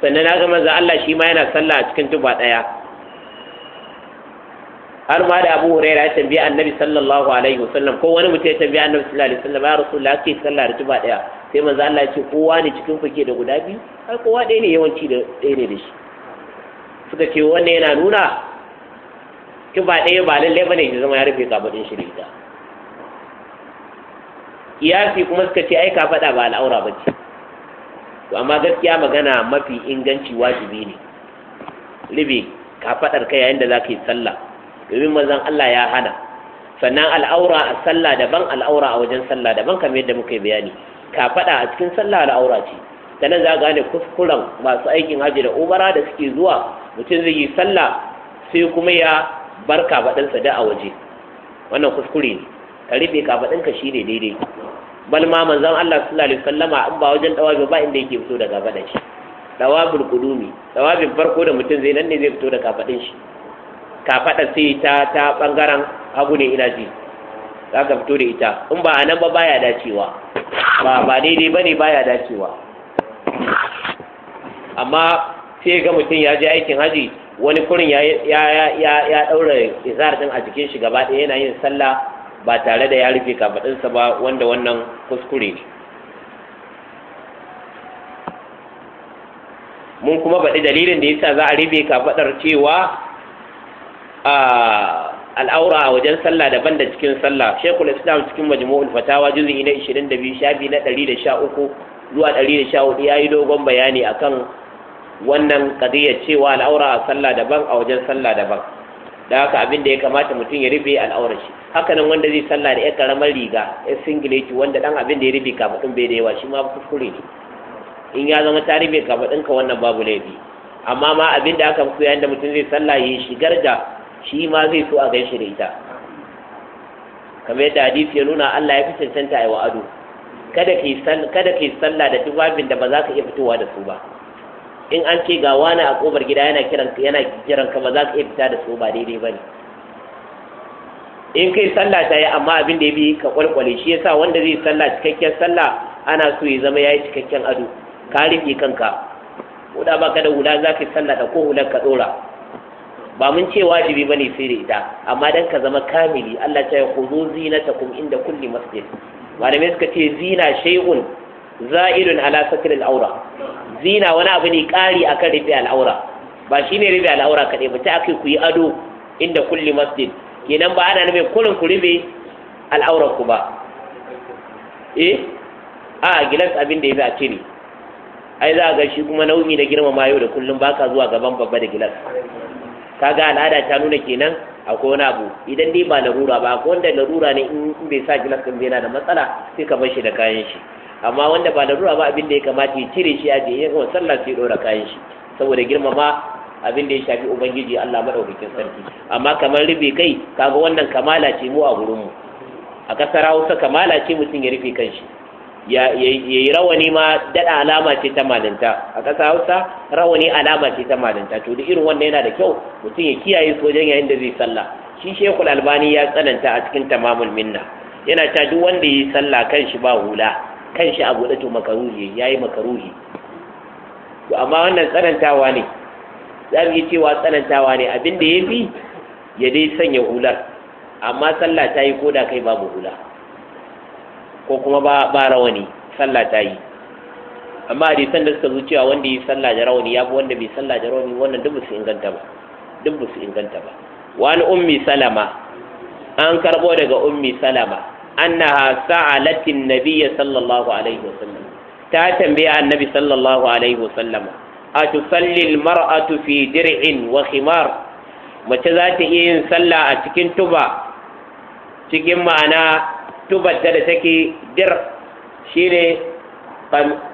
sannan ga manzo Allah shi ma yana sallah a cikin tufa ɗaya. har ma da Abu Hurairah ya tambayi Annabi sallallahu alaihi wasallam ko wani mutum ya tambayi Annabi sallallahu alaihi wasallam ya Rasulullah ke sallah da tuba daya sai manzo Allah ya ce kowa ne cikin ku ke da guda biyu har kowa ɗaya ne yawanci da ɗaya ne da shi suka ce wannan yana nuna ba ɗaya ba lallai bane ya zama ya rufe kafadin shi da kiyasi kuma suka ce ai ka faɗa ba al'aura ba ce to amma gaskiya magana mafi inganci wajibi ne ka kafadar kai yayin da za ka yi sallah domin mazan Allah ya hana sannan al'aura a sallah daban al'aura a wajen sallah daban kamar yadda muka yi bayani ka faɗa a cikin sallah al'aura ce ta nan za gane kuskuren masu aikin hajji da obara da suke zuwa mutum zai yi sallah sai kuma ya bar kafaɗinsa da a waje wannan kuskure ne ka rufe kafaɗinka shi ne daidai bal ma Allah sallallahu alaihi wasallama in ba wajen dawabi ba inda yake fito da kafaɗin shi dawabul qudumi dawabin farko da mutum zai nan ne zai fito da kafaɗin shi Ka faɗa sai ta ta ɓangaren abu ne ina ji za ka fito da ita in ba a nan ba baya dacewa ba ba daidai ba ne baya dacewa amma sai ga mutum ya je aikin haji wani kurin ya ɗaura izar ɗin a jikin shi gaba ɗaya yana yin sallah ba tare da ya rufe kafaɗinsa ba wanda wannan kuskure ne mun kuma baɗi dalilin da yasa za a rufe kafaɗar cewa al'aura a wajen sallah daban da cikin sallah shekul islam cikin majmu'ul fatawa juzu'i na 22 shafi na 113 zuwa 114 yayi dogon bayani akan wannan qadiyar cewa al'aura a sallah daban a wajen sallah daban da haka abin da ya kamata mutum ya rufe al'aurar shi haka nan wanda zai sallah da ya karamar riga ya singileti wanda dan abin da ya ka mutum bai da yawa shi ma kuskure ne in ya zama ta rufe kafadin ka wannan babu laifi amma ma abin da aka fi yayin da mutum zai sallah ya shigar da shi ma zai so a shi da ita kamar yadda hadisi ya nuna Allah ya fi cancanta a yi wa ado kada ka yi sallah da tufafin da ba za ka iya fitowa da su ba in an ce ga wani a kobar gida yana kiran yana kiran ka ba za ka iya fita da su ba daidai ba ne in kai sallah ta yi amma abin da ya bi ka kwalkwale shi yasa wanda zai sallah cikakken sallah ana so ya zama ya yi cikakken ado ka rike kanka ko da ba ka da hula za ka yi sallah da ko hular ka dora ba mun ce wajibi bane sai da ita amma dan ka zama kamili Allah ta ya khudu zinatakum inda kulli masjid malamai suka ce zina shay'un za'ilun ala satr al-awra zina wani abu ne kari akan rufe al'aura ba shine rufe al'aura kadai ba ta akai ku yi ado inda kulli masjid kenan ba ana nabe kullun ku rufe al-awra ku ba eh a gilas abin da ya a cire ai za a ga shi kuma nau'i na girmama yau da kullum baka zuwa gaban babba da gilas Ka ga al'ada ta nuna kenan akwai wani abu idan dai ba larura ba akwai wanda larura ne in bai sa gilas ɗin yana da matsala sai ka bar shi da kayan shi amma wanda ba larura ba abin da ya kamata ya cire shi a ya wa sallah sai ɗora kayan shi saboda girmama abin da ya shafi ubangiji Allah madaukakin sarki amma kamar rufe kai kaga wannan kamala ce mu a mu. a kasar Hausa kamala ce mutum ya rufe shi. ya yi rawani ma daɗa alama ce ta malinta a ƙasa hausa rawani alama ce ta malinta to da irin wannan yana da kyau mutum ya kiyaye su wajen yayin da zai sallah shi shekul albani ya tsananta a cikin tamamul minna yana ta duk wanda ya yi sallah kan shi ba hula kan shi a buɗe to makaruhi ya yi makaruhi to amma wannan tsanantawa ne za mu yi cewa tsanantawa ne abin da ya fi ya dai sanya hular amma sallah ta yi ko da kai babu hula ko kuma ba ba rawani sallah ta yi amma hadisan da suka zo cewa wanda yi sallah da rawani ya fi wanda bai sallah da rawani wannan duk su inganta ba duk ba su inganta ba wani ummi salama an karbo daga ummi salama annaha sa'alatin nabiyya sallallahu alaihi wasallam ta tambaye annabi sallallahu alaihi wasallam a tusalli almar'atu fi dir'in wa khimar mace za ta iya yin sallah a cikin tuba cikin ma'ana tubar da take dir shine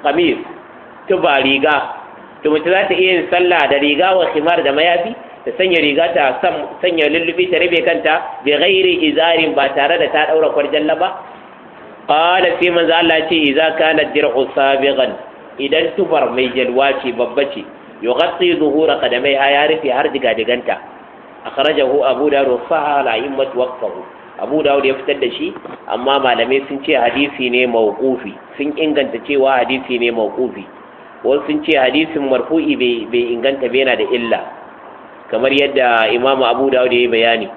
kamis tuba riga to mutum za ta iya yin sallah da riga wa himar da mayafi ta sanya riga ta sanya lullubi ta rabe kanta bi ghairi izarin ba tare da ta daura kwarjalla ba qala sai manzo Allah ce idza kana dir'u sabiqan idan tubar mai jalwa ce babba ce yughatti zuhura qadamai ya rufe har diga diganta akhrajahu abu daru fa ala yimmat waqfahu abu dawud ya fitar da shi amma malamai sun ce hadisi ne mawqufi sun inganta cewa hadisi ne mawqufi wasu sun ce hadisin marfu'i bai inganta bai yana da illa kamar yadda imamu abu dawud ya yi bayani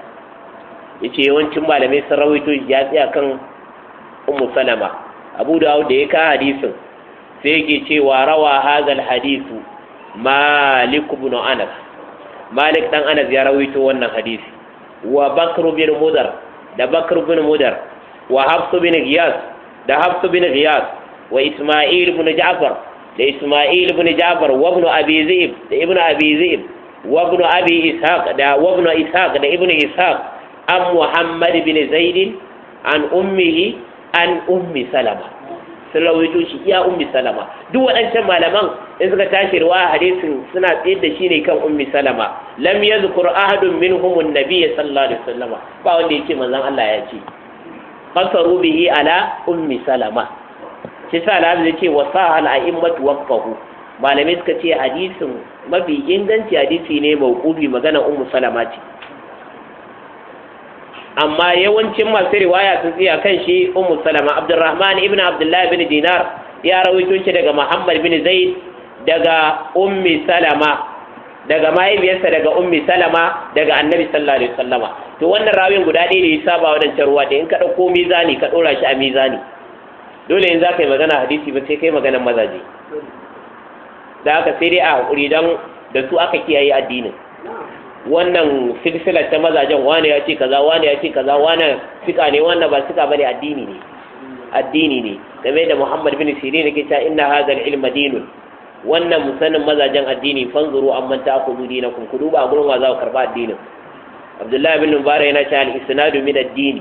yace yawancin malamai sun rawaito ya tsaya kan ummu salama abu dawud da ya ka hadisin sai yake cewa rawa hadal hadisu malik ibn anas malik dan anas ya rawaito wannan hadisi wa bakr bin mudar da bakr bin mudar wa hafsu bin giyas da hafsu bin giyas wa isma'il bin ja'far da isma'il bin ja'far wa ibn abi zaib da ibn abi zaib wa ibn abi ishaq da wa ibn ishaq da ibn ishaq am muhammad bin zaid an ummihi an ummi salama sun rawaito shi iya ummi salama duk waɗancan malaman in suka tashi ruwa hadisin suna tsayar da shi ne kan ummi salama lam yazkur ahadun minhum an-nabiy sallallahu alaihi wasallama ba wanda yake manzon Allah ya ce qasaru bihi ala ummi salama shi sa lafi yace wa sahal a'immat wakfahu malamai suka ce hadisin mafi inganci hadisi ne mauqubi magana Ummi salama ce amma yawancin masu riwaya sun tsaya kan shi ummu salama abdurrahman ibn abdullahi bin dinar ya rawaito shi daga muhammad bin zaid daga ummi salama daga mahaifiyarsa daga ummi salama daga annabi sallallahu alaihi wasallama to wannan rawin guda ɗaya ne ya saba wadancan ruwa da in ka ɗauko mizani ka ɗora shi a mizani dole in za ka yi magana hadisi ba sai kai maganar mazaje da haka sai dai a hakuri don da su aka kiyaye addinin wannan silsilar ta mazajen wane ya ce kaza wane ya ce kaza wane fika ne wannan ba fika bane addini ne addini ne game da Muhammad bin Sirin ke cewa inna hadha al ilm dinun wannan sanin mazajen addini fanzuru amman ta'khudhu dinakum ku duba gurin wa za ku karba addinin Abdullahi bin Mubarak yana cewa al-isnadu min ad-din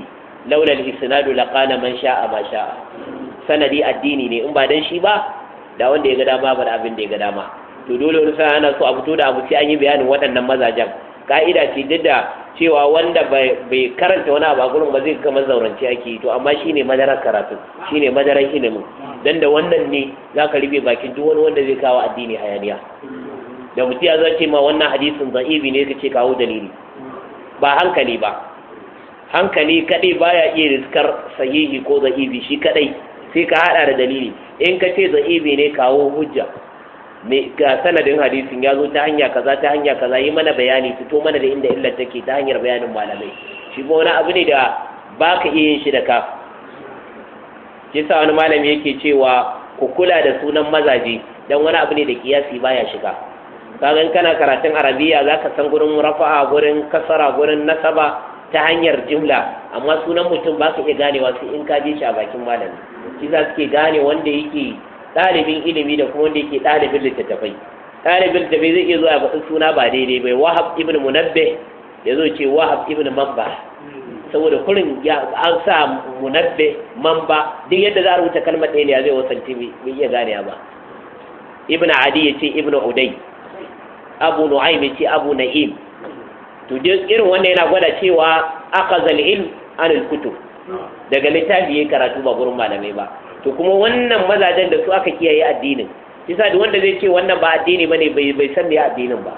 laula al-isnadu laqala man sha'a ma sha'a sanadi addini ne in ba dan shi ba da wanda ya ga dama ba da abin da ya ga dama to dole wani sa'a ana so a fito da abu sai an yi bayanin waɗannan mazajen ka'ida ce duk da cewa wanda bai karanta wani abu a gurin ba zai kamar zaurance ake to amma shine madarar karatu shine madarar ilimin dan da wannan ne za ka rufe bakin duk wani wanda zai kawo addini hayaniya da mutum ya zace ma wannan hadisin za'ibi ne ka ce kawo dalili ba hankali ba hankali kadai baya iya riskar sahihi ko za'ibi shi kadai sai ka haɗa da dalili in ka ce za'ibi ne kawo hujja me ga sanadin hadisin ya zo ta hanya kaza ta hanya kaza yi mana bayani fito mana da inda illar take ta hanyar bayanin malamai shi ba wani abu ne da ba ka iya yin shi da ka kisa wani malami yake cewa ku kula da sunan mazaje dan wani abu ne da kiyasi baya shiga kaga kana karatun arabiya zaka san gurin rafa'a gurin kasara gurin nasaba ta hanyar jimla amma sunan mutum ba ka iya ganewa sai in ka je shi a bakin malami kisa suke gane wanda yake ɗalibin ilimi da kuma wanda yake ɗalibin littattafai ɗalibin littattafai zai iya zuwa ya faɗi suna ba daidai bai wahab ibn munabbe ya zo ce wahab ibn mamba saboda kurin ya an sa munabbe mamba duk yadda za a rubuta kalmar ɗaya ne ya zai wasanci bai iya gane ba ibn adi ya ce ibn udai abu nu'aym ya ce abu na'im to duk irin wannan yana gwada cewa akazal ilm anil kutub daga littafi yayi karatu ba gurin malamai ba to kuma wannan mazajen da su aka kiyaye addinin isa da wanda zai ce wannan ba addini bane bai bai san me addinin ba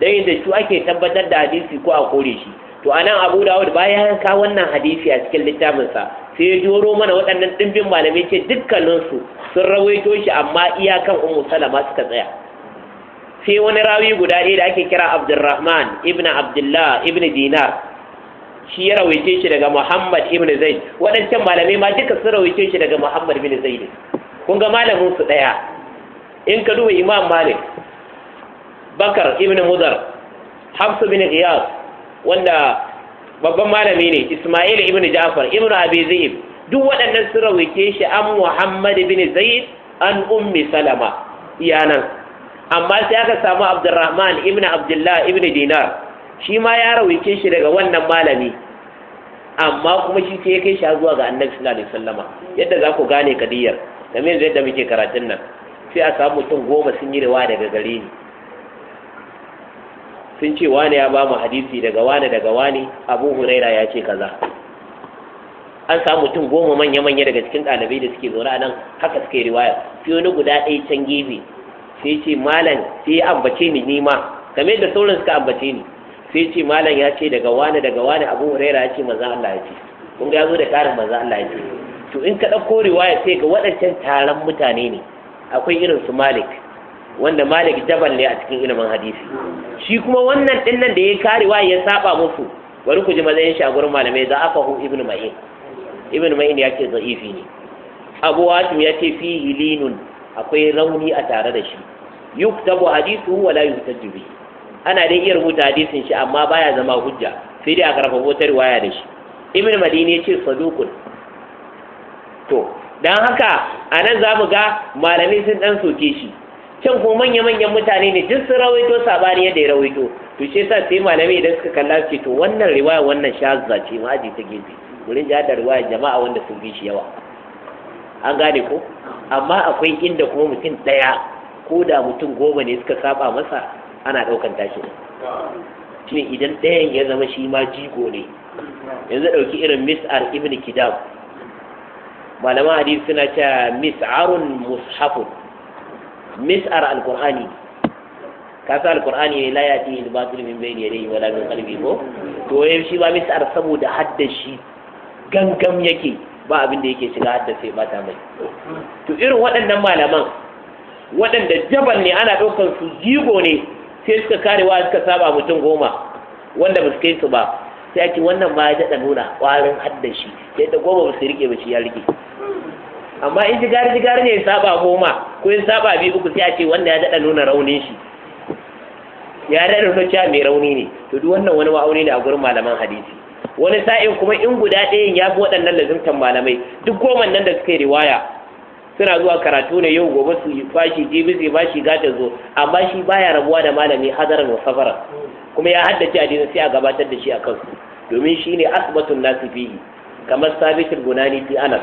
dan yadda su ake tabbatar da hadisi ko a kore shi to anan Abu Dawud bayan ya ka wannan hadisi a cikin littafin sa sai ya joro mana waɗannan dimbin malamai ce dukkanin su sun rawaito shi amma iyakan Ummu Salama suka tsaya sai wani rawi guda ɗaya da ake kira Abdulrahman ibn Abdullah ibn Dinar shi ya rawaice shi daga Muhammad ibn Zaid waɗancan malamai ma duka sun rawaice shi daga Muhammad ibn Zaid kun ga malamin su ɗaya in ka duba Imam Malik Bakar ibn Mudar Hafs ibn Iyad wanda babban malami ne Ismail ibn Ja'far ibn Abi Zaid duk waɗannan sun rawaice shi an Muhammad ibn Zaid an Ummi Salama iyanan amma sai aka samu Abdurrahman ibn Abdullah ibn Dinar shi ma ya rawaice shi daga wannan malami amma kuma shi ce ya kai shi zuwa ga annabi sallallahu alaihi wasallama yadda za ku gane kadiyar kamar yadda muke karatun nan sai a samu mutum goma sun yi rawa daga gare ni sun ce Wani ya ba mu hadisi daga wani daga Wani, abu huraira ya ce kaza an samu mutum goma manya-manya daga cikin ɗalibai da suke zaune a nan haka suka yi riwaya sai wani guda ɗaya can gefe sai ce malam sai ya ambace ni nima kamar yadda sauran suka ambace ni sai ce malam ya ce daga wani daga wane abu huraira ya ce maza Allah ya ce kun ga yazo da karin maza Allah ya ce to in ka dauko riwaya sai ga waɗancan taron mutane ne akwai irin su Malik wanda Malik jabal ne a cikin ilimin hadisi shi kuma wannan din nan da ya kare wa ya saba musu bari ku ji mazayin shi a malamai za hu ibnu ma'in ibnu ma'in ya ce za'ifi ne abu wasim ya ce fihi akwai rauni a tare da shi yuktabu hadithu wa la ana dai iya rubuta hadisin shi amma baya zama hujja sai dai a karfa wata riwaya da shi ibn madini ya ce sadukun to dan haka anan nan za mu ga malami sun dan soke shi can ko manya-manyan mutane ne duk su rawaito sabani yadda ya rawaito to shi yasa sai malami idan suka kalla su to wannan riwaya wannan shazza ce ma aji ta gefe wurin ja da riwaya jama'a wanda sun bi shi yawa an gane ko amma akwai inda kuma mutum ɗaya ko da mutum goma ne suka saba masa ana ɗaukan tashi ne idan ɗayan ya zama shi ma jigo ne yanzu ɗauki irin mis'ar ibn kidam malaman hadisi suna cewa mis'arun mushafun mis'ar alqur'ani kasa alqur'ani ne la yati al batil min bayni yadayhi wala min qalbi ko to yayin shi ba mis'ar saboda haddashi gangam yake ba abin da yake shiga haddace bata mai to irin waɗannan malaman waɗanda jabal ne ana ɗaukar su jigo ne sai suka kare wa suka saba mutum goma wanda ba su kai su ba sai ake wannan ma ya daɗa nuna ƙwarin haddashi yadda goma ba su rike ba shi ya rike amma in jigar jigar ne ya saba goma ko ya saba biyu uku sai a ce wanda ya daɗa nuna raunin shi ya daɗa nuna cewa mai rauni ne to duk wannan wani ma'auni ne a gurin malaman hadisi wani sa'in kuma in guda ɗayan ya fi waɗannan lazimtan malamai duk goma nan da suka yi riwaya suna zuwa karatu ne yau gobe su bashi jibi su bashi gata zo amma shi baya rabuwa da malami hadarar wa safara kuma ya haddace dinin sai a gabatar da shi a kansu domin shi ne asbatun nasu fihi kamar sabit al-bunani fi anas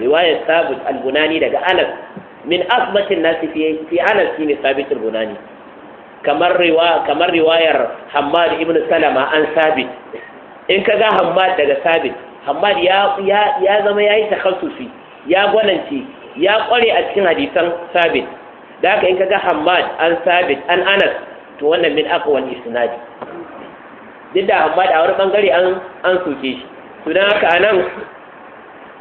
riwayar sabit al gunani daga anas min asbatin nasu fi anas shine sabit al-bunani kamar riwa kamar riwayar hammad ibn salama an sabit in kaga hammad daga sabit hammad ya ya zama yayi takhassusi ya gwanance ya kware a cikin hadisan sabit da aka in kaga Hammad an sabit an Anas to wannan min aka wani isnadi duk da hamad a wani bangare an an soke shi to dan haka anan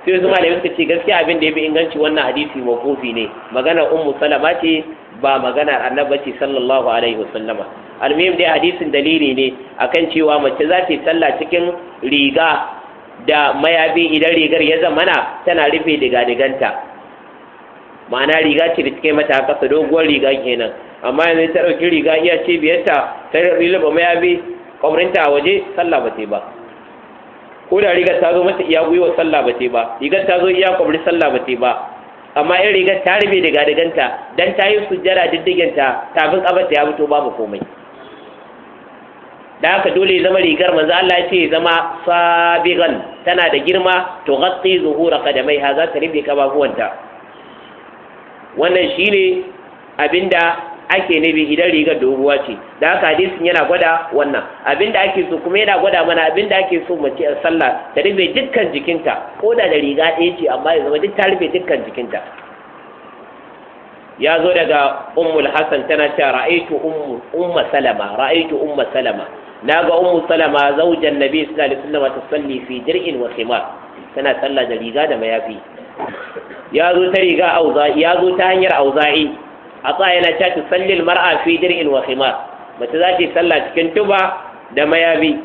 sai zuma da suka ce gaskiya abin da ya bi inganci wannan hadisi mawqufi ne maganar ummu salama ce ba magana annabi ce sallallahu alaihi wasallama almuhim dai hadisin dalili ne akan cewa mace za ta yi sallah cikin riga da mayabi idan rigar ya zamana tana rufe diga diganta ma'ana riga ce da take mata kasa doguwar riga kenan amma yanzu ta ɗauki riga iya ce biyarta ta rilaba mayabi kwamrinta a waje sallah ba ta ba ko da rigar ta zo mata iya gwiwa sallah ba ta ba rigar ta zo iya kwamrin sallah ba ta ba amma in rigar ta rube daga daganta dan ta yi sujjara diddiganta kaba ta ya fito babu komai da haka dole ya zama rigar manzo Allah ya ce ya zama sabigan tana da girma to ghatti zuhura qadamaiha za ta rufe kafafuwanta wannan shi ne abin da ake nufi idan rigar doguwa ce da haka hadisin yana gwada wannan abinda ake so kuma yana gwada mana abin da ake so mace a sallah ta rufe dukkan jikinta ko da da riga ɗaya ce amma ya zama duk ta rufe dukkan jikinta ya zo daga ummul hasan tana cewa ra'aitu ummu umma salama ra'aitu umma salama naga ummu salama zaujan nabi sallallahu alaihi wasallam ta salli fi dir'in wa khimar tana sallah da riga da mayafi ya zo ta riga auza'i ya zo ta hanyar auza'i a tsaya yana ta ci sallil mar'a fi dir'in wa khimar mace za ta yi sallah cikin tuba da mayabi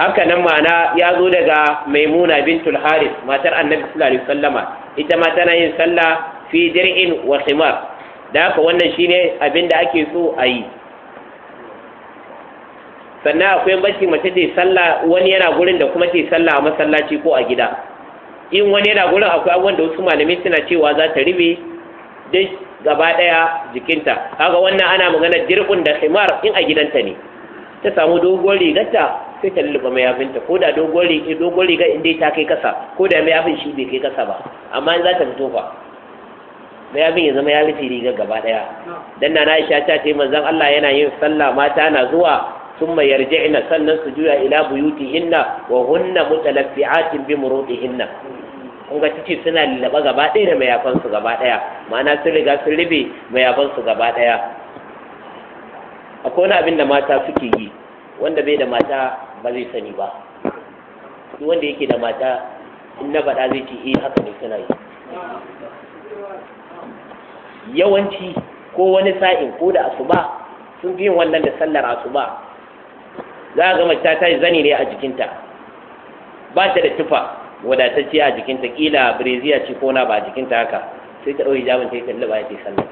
haka nan ma'ana ya zo daga maimuna bintul haris matar annabi sallallahu alaihi wasallama ita ma tana yin sallah fi dir'in wa khimar da haka wannan shine abin da ake so a yi sannan akwai bacci mace ta yi salla, wani yana gurin da kuma ta yi sallah a masallaci ko a gida in wani yana gurin akwai abubuwan da wasu malamai suna cewa za ta ribe duk gaba ɗaya jikinta kaga wannan ana magana jirgin da himar in a gidanta ne ta samu doguwar rigarta sai ta lulluɓa mayafinta ko da doguwar eh, riga in dai ta kai kasa ko da mai abin shi bai kai kasa ba amma in za ta fito fa abin ya zama ya rufe rigar gaba ɗaya dan na Aisha ta ce manzon Allah yana yin sallah mata na zuwa thumma yarji'na sannan su juya ila buyutihinna wa hunna mutalaffi'atin bi murudihinna kun ga suna lallaba gaba ɗaya da mayafan su gaba ɗaya ma'ana sun riga sun ribe mayafan su gaba ɗaya akwai wani abin da mata suke yi wanda bai da mata ba zai sani ba duk wanda yake da mata in na faɗa zai ce eh haka ne suna yi yawanci ko wani sa'in ko da asuba sun fi yin wannan da sallar asuba za ga mace ta tashi zani ne a jikinta ba ta da tufa wadatacce a jikinta kila breziya ce ko na ba a jikinta haka sai ta ɗauki hijabin ta yi ba ya ce sallah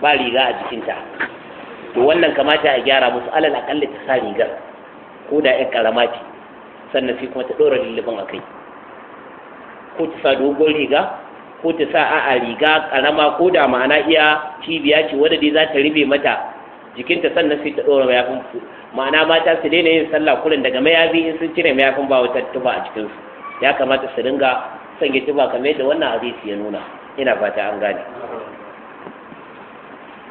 ba riga a jikinta to wannan kamata a gyara musu alal akalla ta sa rigar ko da ƴan karama ce sannan sai kuma ta ɗora lullubin a kai ko ta sa dogon riga ko ta sa a'a riga karama ko da ma'ana iya cibiya ce wadda dai za ta rube mata jikinta sannan sai ta ɗora mayafin ma'ana mata su daina yin sallah kullum daga mayafi in sun cire mayafin ba wata tuba a su ya kamata su dinga sanya tuba kamar yadda wannan hadisi ya nuna ina fata an gane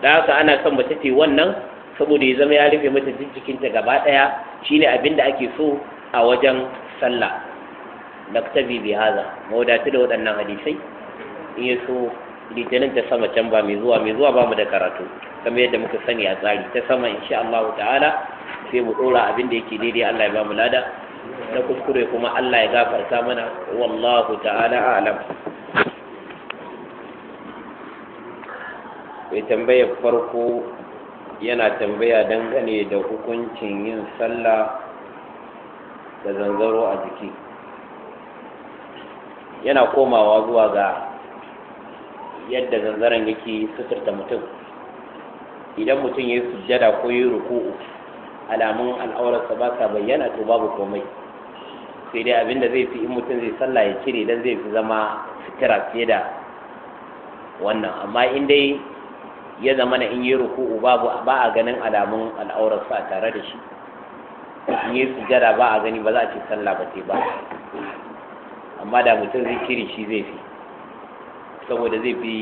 da haka ana son mace ce wannan saboda ya zama ya rufe mata jikinta gaba ɗaya shine abin da ake so a wajen sallah naktabi bi haza mawadatu da waɗannan hadisai in ya so litinin ta sama can ba mai zuwa mai zuwa ba mu da karatu kamar yadda muka sani a tsari ta sama insha Allah ta'ala sai mu dora abin da yake daidai Allah ya ba mu lada na kuskure kuma Allah ya gafarta mana wallahu ta'ala a'lam mai tambayar farko yana tambaya dangane da hukuncin yin sallah da zanzaro a jiki yana komawa zuwa ga yadda zanzaran yake suturta mutum idan mutum ya yi sujjada ko yi ruku'u alamun al'aurarsa ba sa bayyana to babu komai sai dai abinda zai fi in mutum zai sallah ya cire dan zai fi zama fitira fiye da wannan amma in dai ya zama na in yi ruku'u ba a ganin alamun al'aurarsa a tare da shi in yi sujjada ba a gani ba za a ce sallah ba ba amma da mutum zai cire shi zai fi saboda zai fi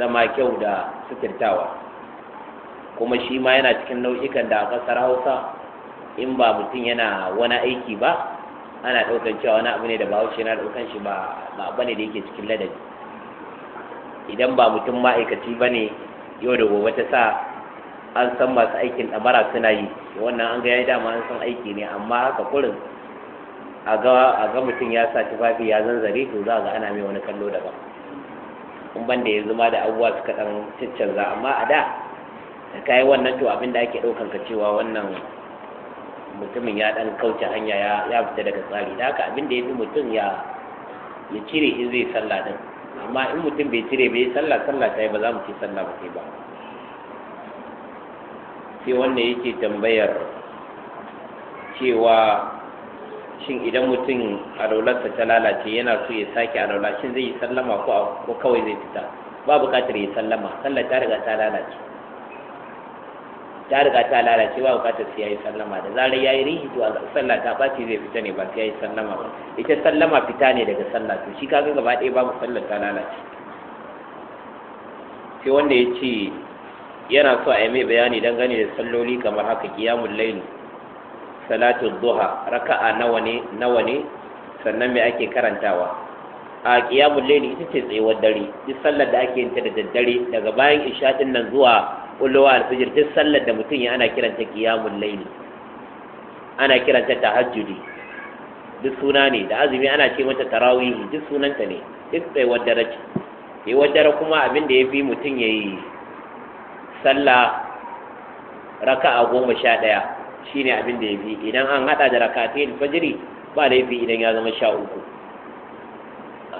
zama kyau da suturtawa kuma shi ma yana cikin nau'ikan da a ƙasar hausa in ba mutum yana wani aiki ba ana ɗaukar cewa wani abu ne da bahaushe yana ɗaukar shi ba ba ne da yake cikin ladabi idan ba mutum ma'aikaci ba ne yau da gobe ta sa an san masu aikin ɗamara suna yi wannan an ga ya dama an san aiki ne amma haka kurin a ga mutum ya sa tufafi ya zanzare to za ga ana mai wani kallo daban in ban da yanzu ma da abubuwa suka dan ciccanza amma a da da ka yi wannan to abin da ake ɗaukan ka cewa wannan mutumin ya dan kauce hanya ya fita daga tsari da haka abin da ya fi mutum ya ya cire in zai sallah din amma in mutum bai cire bai sallah sallah ta yi ba za mu ce sallah ba sai ba sai wannan yake tambayar cewa shin idan mutum alaularsa ta lalace yana so ya sake alaula shin zai yi sallama ko kawai zai fita ba buƙatar ya sallama sallar ta riga ta lalace ta riga ta lalace ba buƙatar sai ya yi sallama da zarar ya yi rihi to sallar ta ɓaci zai fita ne ba sai ya yi sallama ba ita sallama fita ne daga sallah to shi kaga gaba ɗaya babu sallar ta lalace sai wanda ya ce yana so a yi mai bayani dangane da salloli kamar haka kiyamun laili salatul duha raka'a nawa ne nawa ne sannan me ake karantawa a qiyamul layli ita ce tsayuwar dare duk sallar da ake yin ta da daddare daga bayan isha din nan zuwa kullowa alfijir duk sallar da mutum ya ana kiranta qiyamul layli ana kiranta tahajjudi duk suna ne da azumi ana ce mata tarawih duk sunanta ne duk tsayuwar dare ce tsayuwar dare kuma abin da ya fi mutum ya yi sallah raka'a goma sha ɗaya shine abin da ya fi idan an haɗa da rakatai fajiri ba laifi idan ya zama sha uku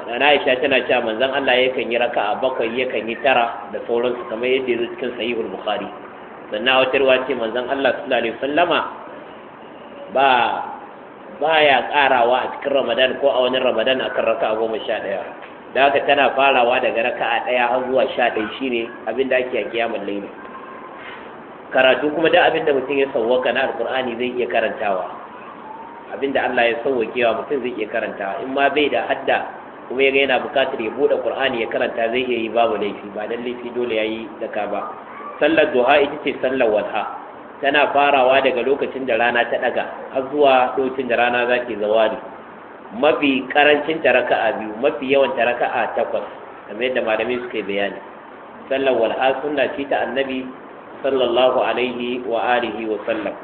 na Aisha tana cewa manzon Allah ya kan yi raka'a bakwai yakan yi tara da sauransu kamar yadda ya zo cikin sahihul bukhari sannan wata ruwa ce manzon Allah sallallahu alaihi wasallama ba baya karawa a cikin Ramadan ko a wani Ramadan akan raka'a goma sha ɗaya da haka tana farawa daga raka'a ɗaya har zuwa sha ɗaya shine abin da ake a kiyamul layli karatu kuma da abinda mutum ya sauwaka na alkur'ani zai iya karantawa abinda Allah ya sauwakewa mutum zai iya karanta. in ma bai da hadda kuma ya ga yana bukatar ya buɗe qur'ani ya karanta zai iya yi babu laifi ba dan laifi dole yayi zaka ba sallar duha ita ce sallar wadha tana farawa daga lokacin da rana ta daga har zuwa lokacin da rana za zawa zawali mafi karancin ta biyu mafi yawan taraka'a takwas kamar yadda malamai suka yi bayani sallar walha sunna ce ta annabi sallallahu alaihi wa alihi wa sallam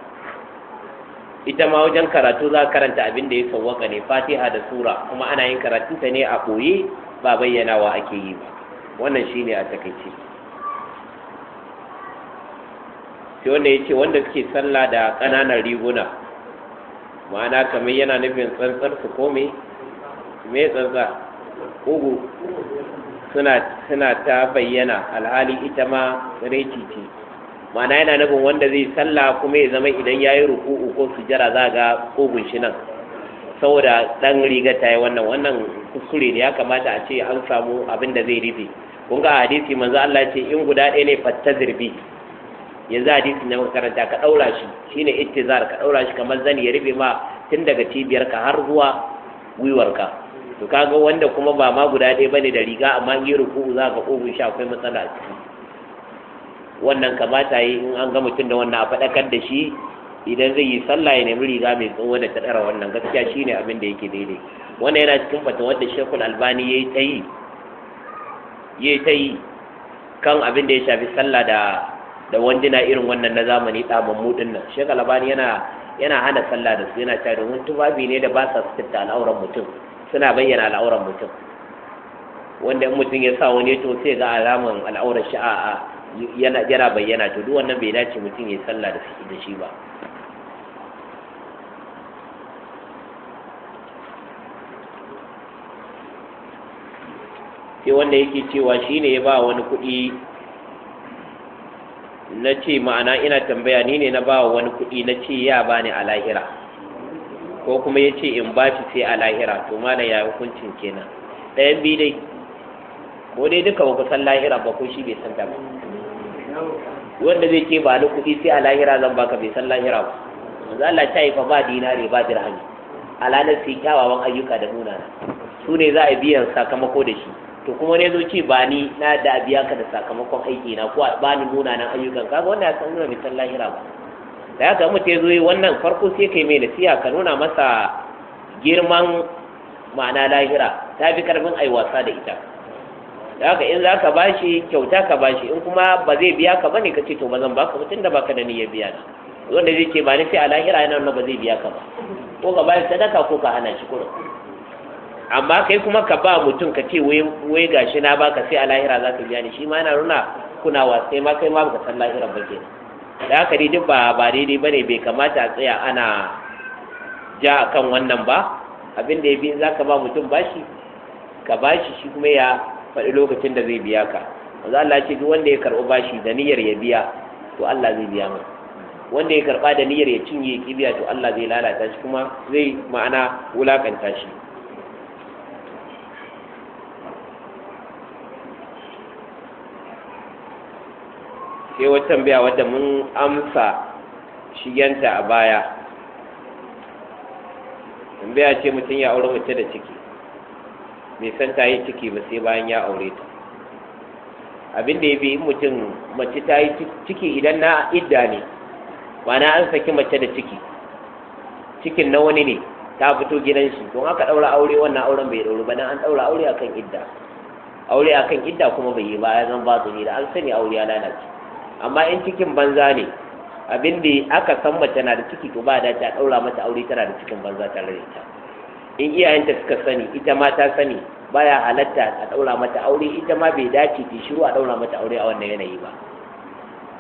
ita ma wajen karatu za karanta abin da ya sawwaka ne fatiha da sura kuma ana yin ta ne a koyi ba bayyanawa ake yi ba wannan shine a takaice sai wanda ya ce wanda suke sallah da kananan riguna ma'ana kamar yana nufin tsantsar su ko me tsantsa ugu suna ta bayyana alhali ita ma reci ce ma'ana yana nufin wanda zai sallah kuma ya zama idan ya yi ruku'u ko sujjara za ga kogun shi nan saboda dan riga ta yi wannan wannan kuskure ne ya kamata a ce an samu abin da zai rufe kun ga hadisi manzo Allah ce in guda ɗaya ne fatta zirbi yanzu hadisi na makaranta ka daura shi shine ittizar ka daura shi kamar zani ya rufe ma tun daga cibiyar ka har zuwa gwiwarka to kaga wanda kuma ba ma guda ɗaya bane da riga amma in yi ruku'u za ga kogun shi akwai matsala wannan kamata yi in an ga mutum da wannan a faɗakar da shi idan zai yi sallah ya nemi riga mai tsawo da ta ɗara wannan gaskiya shi ne abin da yake daidai wannan yana cikin fata wanda shekul albani ya yi ta yi ya ta yi kan abin da ya shafi sallah da da wanduna irin wannan na zamani ɗaman mudun nan shekul albani yana yana hana sallah da su yana cewa domin tufafi ne da ba sa fita al'auran mutum suna bayyana al'auran mutum wanda in mutum ya sa wani to sai ga alaman al'auran shi a yana yana bayyana to duk wannan bai dace mutum ya sallah da da shi ba sai wanda yake cewa shi ne ya ba wani kuɗi na ce ma'ana ina tambaya ni ne na ba wani kuɗi na ce ya ba ni a lahira ko kuma ya ce in ba shi sai a lahira to mana ya hukuncin kenan ɗayan biyu dai ko dai duka ba ku san lahira ba ko shi bai san ta ba wanda zai ce ba ni kuɗi sai a lahira zan baka bai san lahira ba yanzu Allah ta yi fa ba dinare ba dirhami alalar sai kyawawan ayyuka da munana su ne za a biyan sakamako da shi to kuma ne zo ce ba ni na da biya ka da sakamakon aiki na ko ba ni munanan ayyukan ka wanda ya san nuna bai san lahira ba da haka mutum zo yi wannan farko sai kai mai nasiha ka nuna masa girman ma'ana lahira ta fi karfin ai wasa da ita haka in za ka bashi kyauta ka bashi in kuma ba zai biya ka bane ka ce to ba zan ba baka ba ba ka da niyyar biya ni wanda zai ce ba ni sai a lahira yana nuna ba zai biya ka ba ko ka shi sadaka ko ka hana shi kuɗin amma kai kuma ka ba mutum ka ce wai gashi na ba ka sai a lahira za ka biya ni shi ma yana nuna kuna sai ma kai ma ka san lahira ba ke da haka dai duk ba ba daidai bai kamata a tsaya ana ja a kan wannan ba abin da ya bi za ka ba mutum bashi ka bashi shi kuma ya faɗi lokacin da zai biya ka wanzu Allah ce duk wanda ya karɓi bashi da niyyar ya biya to Allah zai biya mai wanda ya karɓa da niyyar ya cinye kibiya to Allah zai lalata shi kuma zai ma'ana wulakanta shi sai wata tambaya wadda mun amsa shigenta a baya tambaya ce mutum ya aure mace da ciki bai san ta yi ciki ba sai bayan ya aure ta abin da ya bi mutum mace ta yi ciki idan na idda ne ma'ana an saki mace da ciki cikin na wani ne ta fito gidan shi don aka ɗaura aure wannan auren bai ɗauri ba an ɗaura aure akan idda aure akan idda kuma bai yi ba ya zan ba ne da an sani aure ya lalace amma in cikin banza ne abin da aka san mace na da ciki to ba da ta ɗaura mata aure tana da cikin banza tare da ita in iyayenta suka sani ita ma ta sani baya halatta a ɗaura mata aure ita ma bai dace ta shiru a ɗaura mata aure a wannan yanayi ba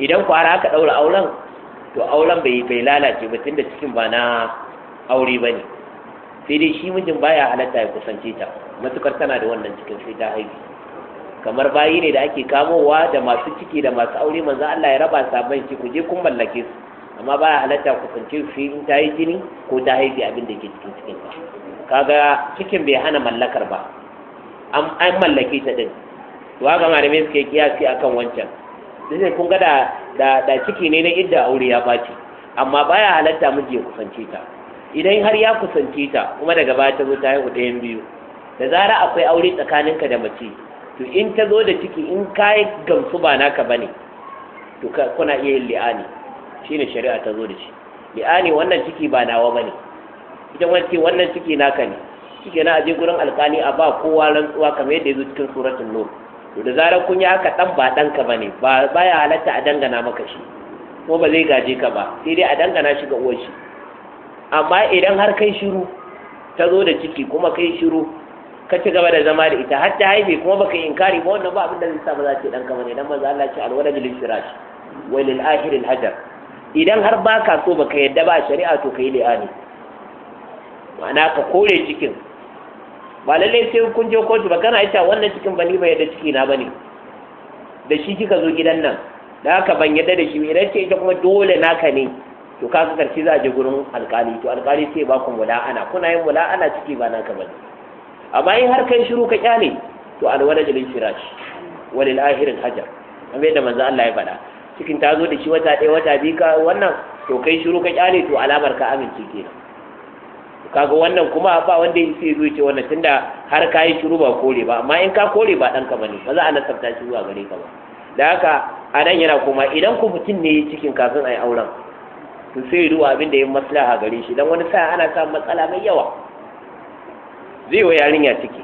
idan ku aka ɗaura auren to auren bai bai lalace ba tunda cikin ba na aure ba ne sai dai shi mijin baya halatta ya kusance ta matukar tana da wannan cikin sai ta haihu kamar bayi ne da ake kamowa da masu ciki da masu aure manzo Allah ya raba sabon ki ku je kun mallake su amma baya halatta kusance su sai in ta yi jini ko ta haifi abin da ke cikin cikin ta kaga cikin bai hana mallakar ba an mallake ta din to haka malami suke kiyasi akan wancan sai kun ga da da ciki ne na idda aure ya baci amma baya halatta miji ya kusance ta idan har ya kusance ta kuma daga baya ta zo ta haihu ɗayan biyu da zara akwai aure tsakaninka da mace to in ta zo da ciki in ka yi gamsu ba naka bane to kuna iya yin li'ani shine shari'a ta zo da shi li'ani wannan ciki ba nawa bane can wani ce wannan ciki naka ne ciki na aje gurin alkali a ba kowa rantsuwa kamar yadda yazo cikin suratul nur to da zarar kun yi haka dan ba danka bane ba baya halatta a dangana maka shi ko ba zai gaje ka ba sai dai a dangana shi ga uwar shi amma idan har kai shiru ta zo da ciki kuma kai shiru ka ci gaba da zama da ita har ta haife kuma baka inkari ba wannan ba abin da zai sa ba za ce dan ka ne dan manzo Allah ce alwala bil firash wa lil akhir al hajar idan har baka so baka yadda ba shari'a to kai li'ani ma'ana ka kore cikin ba lallai sai kun je kotu ba kana ita wannan cikin ba ni ba yadda ciki na bane da shi kika zo gidan nan da haka ban yadda da shi idan ce ita kuma dole naka ne to kaga karshe za a je gurin alkali to alkali sai ba ku mula'ana kuna yin mula'ana ciki ba naka bane amma in har kai shiru ka kyale to alwala da firash walil ahirin hajar amma yadda manzo Allah ya faɗa cikin ta zo da shi wata ɗaya wata biyu ka wannan to kai shiru ka kyale to alamar ka amince kenan kaga wannan kuma ba wanda ya zo ya ce wannan tunda har ka yi shiru ba kore ba amma in ka kore ba ɗanka ba ne ba za a nasabta shi zuwa gare ka ba da haka a nan yana kuma idan ku mutum ne ya cikin kafin a yi auren to sai ruwa abin da ya maslaha gare shi dan wani sa'a ana samun matsala mai yawa zai wa yarinya ciki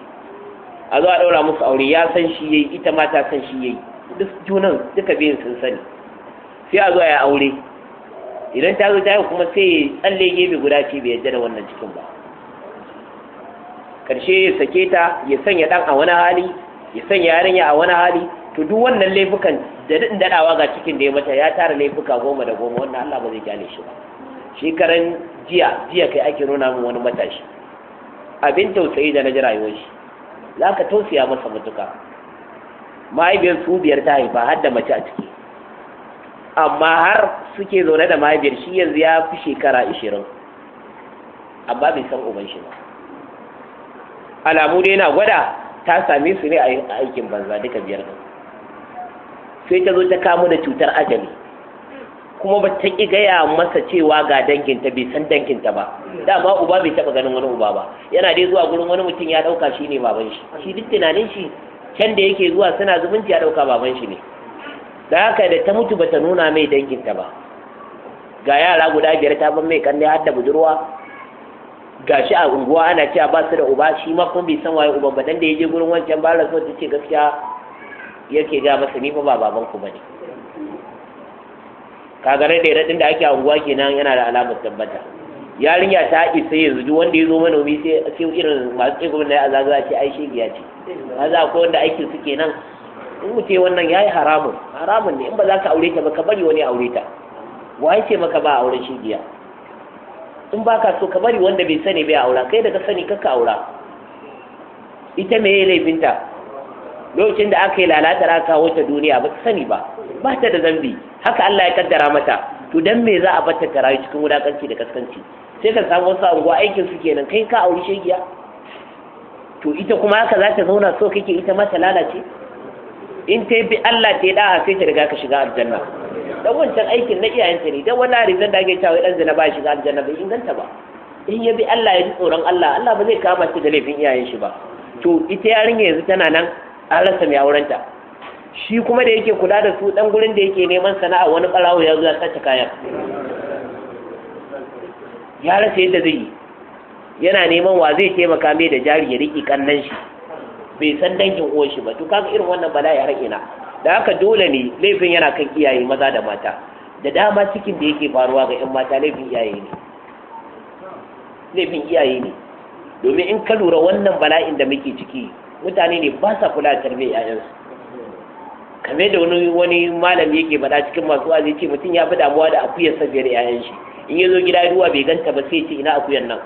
a zo a ɗaura musu aure ya san shi yayi ita ma ta san shi yayi duk junan duka biyun sun sani sai a zo a aure idan ta zo ta yi kuma sai tsalle gefe guda ce bai yadda da wannan cikin ba karshe ya sake ta ya sanya dan a wani hali ya sanya yarinya a wani hali to duk wannan laifukan da daɗin daɗawa ga cikin da ya mata ya tara laifuka goma da goma wannan Allah ba zai gane shi ba shekaran jiya jiya kai ake nuna min wani matashi abin tausayi da na ji rayuwar shi za ka tausaya masa matuka mahaifiyar su biyar ta haifa har da mace a ciki amma har suke zaune da mahaifiyar shi yanzu ya fi shekara ishirin amma bai san uban shi ba alamu dai na gwada ta same su ne a aikin banza duka biyar din sai ta zo ta kamu da cutar ajali kuma ba ta ƙi gaya masa cewa ga danginta bai san danginta ba dama uba bai taɓa ganin wani uba ba yana dai zuwa gurin wani mutum ya ɗauka shi ne baban shi shi duk tunanin shi can da yake zuwa suna zumunci ya ɗauka baban shi ne da haka da ta mutu bata nuna mai danginta ba ga yara guda biyar ta ban mai kanne har da budurwa gashi a unguwa ana cewa ba su da uba shi ma kuma bai san waye uban ba dan da yaje gurin wancan ba rasu ta ce gaskiya yake ga masa ni fa ba baban ku bane kagare da din da ake a unguwa kenan yana da alamar tabbata yarinya ta isa yanzu duk wanda ya zo manomi sai sai irin masu tsegumi na ya zaga ce ai shegiya ce za ko wanda aikin su kenan in mutum wannan yayi haramun haramun ne in ba za ka aure ta ba ka bari wani aure ta ya ce maka ba auren shi giya in ba ka so ka bari wanda bai sani bai aura kai da ka sani ka aura ita me laifinta lokacin da aka yi lalata aka kawo ta duniya ba ta sani ba ba ta da zambi haka Allah ya kaddara mata to dan me za a batta ta rayu cikin wulakanci da kaskanci sai ka samu wasu anguwa aikin su kenan kai ka aure shegiya to ita kuma haka za ta zauna so kake ita ma ta lalace in ta bi Allah ta yi da'a sai ta riga ka shiga aljanna dan wancan aikin na iyayenta ne dan wani rizan da ake cewa dan zina ba shiga aljanna bai inganta ba in ya bi Allah ya ji tsoron Allah Allah ba zai kama shi da laifin iyayen shi ba to ita yarinya yanzu tana nan an rasa mai aurenta shi kuma da yake kula da su dan gurin da yake neman sana'a wani ɓarawo ya zo ya sace kayan ya rasa yadda zai yi yana neman wa zai taimaka mai da jari ya riƙe kannan shi bai san dangin uwan shi ba to kaga irin wannan bala'i har ina da haka dole ne laifin yana kan iyaye maza da mata da dama cikin da yake faruwa ga yan mata laifin iyaye ne laifin iyaye ne domin in ka lura wannan bala'in da muke ciki mutane ne ba sa kula da tarbiyyar ƴaƴansu kame da wani wani malami yake faɗa cikin masu wazi ce mutum ya fi damuwa da akuyar sabiyar ƴaƴan shi in ya zo gida ruwa bai ganta ba sai ce ina akuyar nan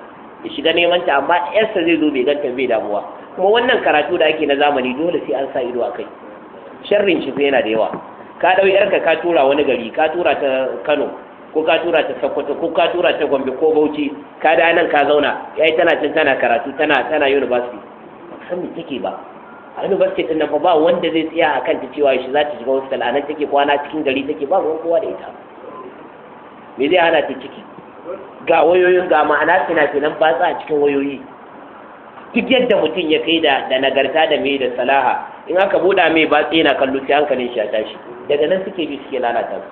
ya shiga neman ta amma yarsa zai zo bai ganta bai damuwa kuma wannan karatu da ake na zamani dole sai an sa ido akai sharrin shi yana da yawa ka dau yarka ka tura wani gari ka tura ta Kano ko ka tura ta Sokoto ko ka tura ta Gombe ko Bauchi ka da nan ka zauna yayi tana cin tana karatu tana tana university san me take ba a university din nan ba wanda zai tsaya akan ta cewa shi za ta shiga hostel anan take kwana cikin gari take ba ruwan kowa da ita me zai hana ta ciki ga wayoyin ga ma'ana fina-finan batsa a cikin wayoyi duk yadda mutum ya kai da nagarta da mai da salaha in aka buɗa mai batsa yana kallo sai hankalin shi ya tashi daga nan suke bi suke lalata su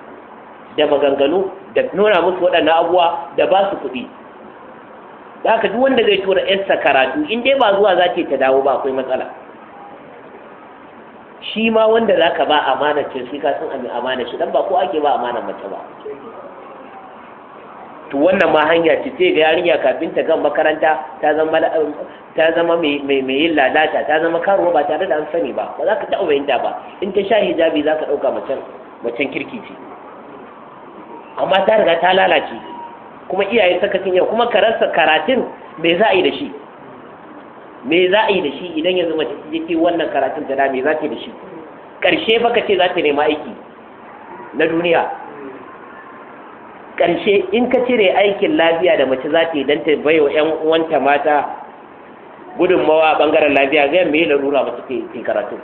da maganganu da nuna musu waɗannan abubuwa da ba su kuɗi da ka duk wanda zai tura yarsa karatu in dai ba zuwa za ta dawo ba akwai matsala shi ma wanda za ka ba amanar ce shi ka san amana shi dan ba ko ake ba amanar mace ba to wannan ma hanya ce sai ga yarinya kafin ta gan makaranta ta zama um, ta zama mai mai yin lalata ta zama karuwa ba tare da an sani ba ba za ka taɓa fahimta ba in ta sha hijabi za ka ɗauka macen macen kirki ce amma ta riga ta lalace kuma iyaye sun yau kuma rasa karatun me za a yi da shi me za a yi da shi idan yanzu mace yake wannan karatun ta da me za ta yi da shi Karshe fa ka ce za ta nema aiki na duniya ƙarshe in ka cire aikin lafiya da mace za ta yi don ta bai wa 'yan uwanta mata gudunmawa a ɓangaren lafiya zai mai larura ba suke yi karatu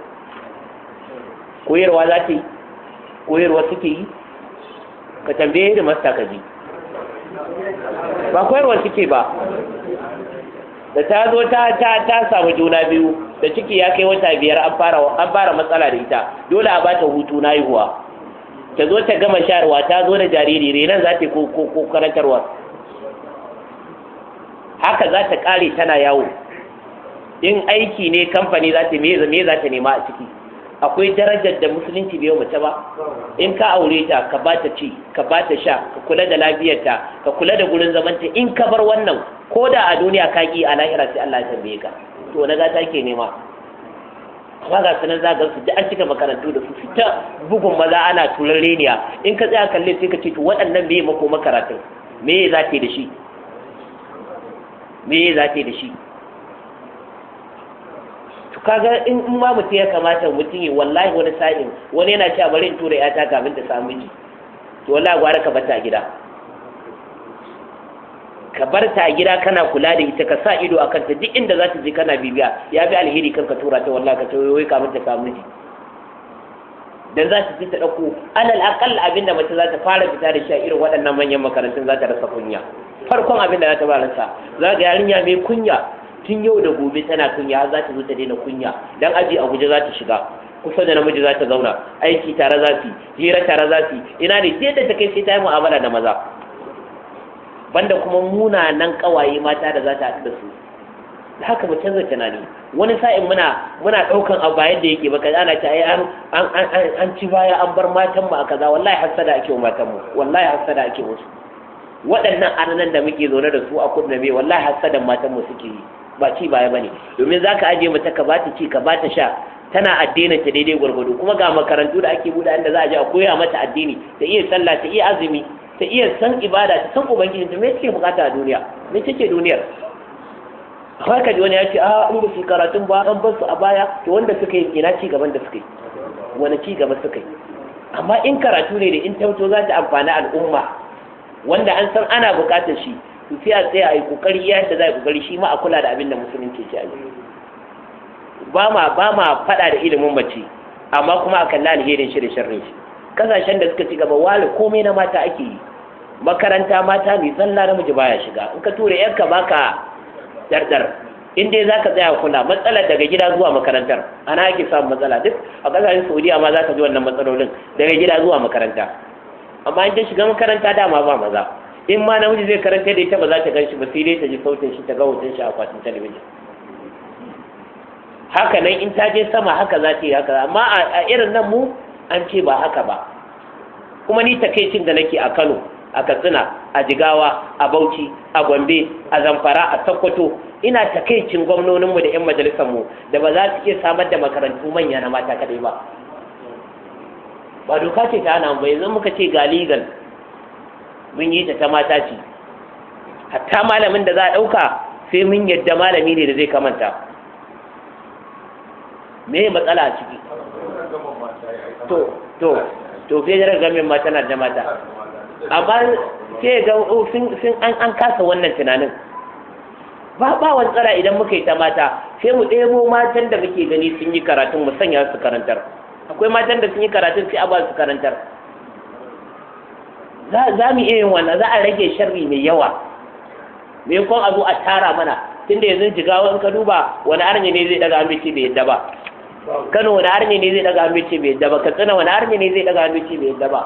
koyarwa za ta yi koyarwa suke yi ka tambaye da masta ka ji ba koyarwa suke ba da ta zo ta ta ta samu juna biyu da ciki ya kai wata biyar an fara matsala da ita dole a bata hutu na haihuwa ta zo ta gama sharwa, ta zo da jariri renon za ta ko ko karantarwa haka za ta kare tana yawo in aiki ne kamfani za ta meza za ta nema a ciki akwai darajar da musulunci bai mace ba in ka aure ta ka ba ta ci ka ba ta sha ka kula da lafiyarta ka kula da gurin zamanta in ka bar wannan ko da a duniya ka ki a lahira sai Allah ya tambaye ka to na ga ke nema amma ga sanan za ga su da an cika makarantu da su fita bugun maza ana turar reniya in ka tsaya kalle sai ka ce to waɗannan me mako makaratun me za ta da shi me za ta da shi to kaga in ma mutum ya kamata mutum yi wallahi wani sa'in wani yana cewa bari in tura ta kafin ta samu ji to wallahi gwara ka bata gida ka bar ta a gida kana kula da ita ka sa ido akan ta duk inda za ta je kana bibiya ya fi alheri kan ka tura ta wallahi ka tawaye wai ka ta samu miji dan za ta ji ta dauko alal aqall abinda mace za ta fara fita da shi a irin waɗannan manyan makarantun za ta rasa kunya farkon abinda za ta fara rasa za ga yarinya mai kunya tun yau da gobe tana kunya za ta zo ta daina kunya dan aji a guje za ta shiga kusa da namiji za ta zauna aiki tare za su hira tare za su ina ne sai da ta kai sai ta yi mu'amala da maza banda kuma munanan kawaye mata da za ta haɗu da su da haka mu canza tunani wani sa'in muna muna ɗaukan abu bayan da yake baka ana ta an an ci baya an bar matan mu a kaza wallahi hasada ake wa matan mu wallahi hasada ake wa su. waɗannan ananan da muke zaune da su a kudu wallahi hasadan matan mu suke yi ba ci baya bane domin zaka aje mata ka bata ci ka bata sha tana addinin ta daidai gwargwado kuma ga makarantu da ake buɗe inda za a je a koya mata addini ta iya sallah ta iya azumi ta iya san ibada ta san ubangiji ta me take bukata a duniya me take duniyar har ji wani ya ce a ah, in ba su karatun ba an bar su a baya to wanda suka yi ina ci gaban da suka yi wani ci gaba suka yi amma in karatu ne da in tauto za ta amfani al'umma wanda an san ana bukatar shi to sai a tsaya a yi kokari ya yadda za a kokari shi ma a kula da abin da musulunci ke ci ba ma ba ma faɗa da ilimin mace amma kuma a kalla alherin shi da sharrin shi kasashen da suka ci gaba wale komai na mata ake yi makaranta mata ne na namiji baya shiga in ka tura yanka baka dardar in dai zaka tsaya kula matsala daga gida zuwa makarantar ana ake samun matsala duk a kasashen Saudiya ma zaka ji wannan matsalolin daga gida zuwa makaranta amma in ta shiga makaranta dama ba maza in ma namiji zai karanta da ita ba za ta gan shi ba sai dai ta ji sautin shi ta ga hoton shi a kwatin talabijin haka nan in ta je sama haka za ta yi haka amma a irin nan mu an ce ba haka ba kuma ni takaicin da nake a Kano a Katsina a Jigawa a Bauchi a Gombe a Zamfara a Sokoto ina takaicin gwamnoninmu da 'yan majalisar mu da ba za su iya samar da makarantu manya na mata kadai ba ba doka ce ta ana ba yanzu muka ce ga legal mun yi ta ta mata ce hatta malamin da za a ɗauka sai mun yadda malami ne da zai kamanta me matsala a ciki to to to ke da ga min mata na da mata amma ke ga sun an an kasa wannan tunanin ba ba tsara idan muka yi ta mata sai mu ɗebo matan da muke gani sun yi karatun mu sanya su karantar akwai matan da sun yi karatun sai a ba su karantar za mu iya yin wannan za a rage sharri mai yawa me kon a a tara mana tunda yanzu jigawa in ka duba wani arnya ne zai daga amince bai yadda ba kano wani arni ne zai daga hannu ce bai yadda ba katsina wani arni ne zai daga hannu ce bai yadda ba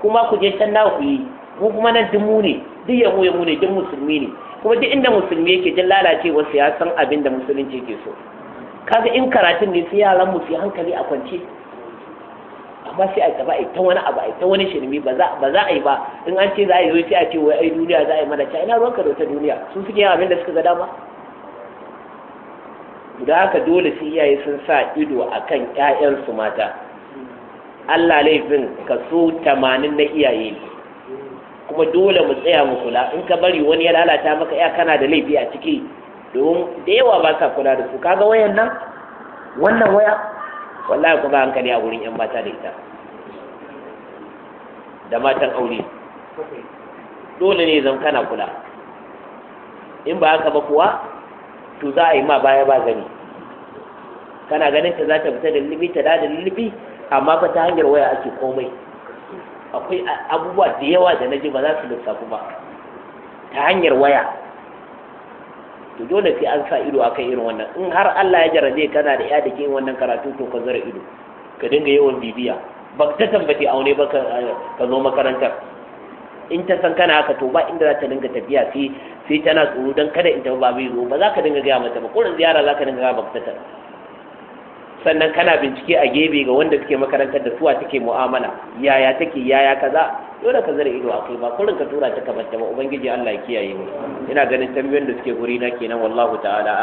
kuma ku je can na ku yi mu kuma nan dumu ne duk yamu yamu ne duk musulmi ne kuma duk inda musulmi yake jin lalace wasu ya san abin da musulunci ke so kaga in karatun ne su yaran mu su hankali a kwance amma sai a ba a ta wani abu a ta wani shirmi ba za a yi ba in an ce za a yi sai a ce wai ai duniya za a yi mana ta ina ruwanka da wata duniya sun suke yin abin da suka ga dama da haka dole sai iyaye sun sa ido a kan ƴaƴansu mata Allah laifin kaso tamanin na iyaye ne kuma dole mu tsaya mu kula in ka bari wani ya lalata maka ya kana da laifi a ciki domin da yawa ba sa kula da su ga wayan nan wannan waya wallahi kuma hankali a wurin yan mata da ita da matan aure dole ne zan kana kula in ba haka ba kuwa to za a yi ma baya ba gani kana ganin ta za ta fita da lilibi ta da lilibi amma fa ta hanyar waya ake komai akwai abubuwa da yawa da na ji ba za su lissafu ba ta hanyar waya to dole sai an sa ido akan irin wannan in har Allah ya jarabe kana da ya da ke wannan karatu to ka zara ido ka dinga yawan bibiya ba ta tambace aune ba ka zo makarantar in ta san kana haka to ba inda za ta dinga tafiya sai sai tana tsoro dan kada in tafi ba bai zo ba za ka dinga gaya mata ba kurin ziyara za ka dinga gaya ba ta sannan kana bincike a gebe ga wanda suke makarantar da suwa take mu'amala yaya take yaya kaza dole ka zara ido akai ba kurin ka tura ta kamar ta ba ubangiji Allah ya kiyaye mu ina ganin tambayoyin da suke guri na kenan wallahu ta'ala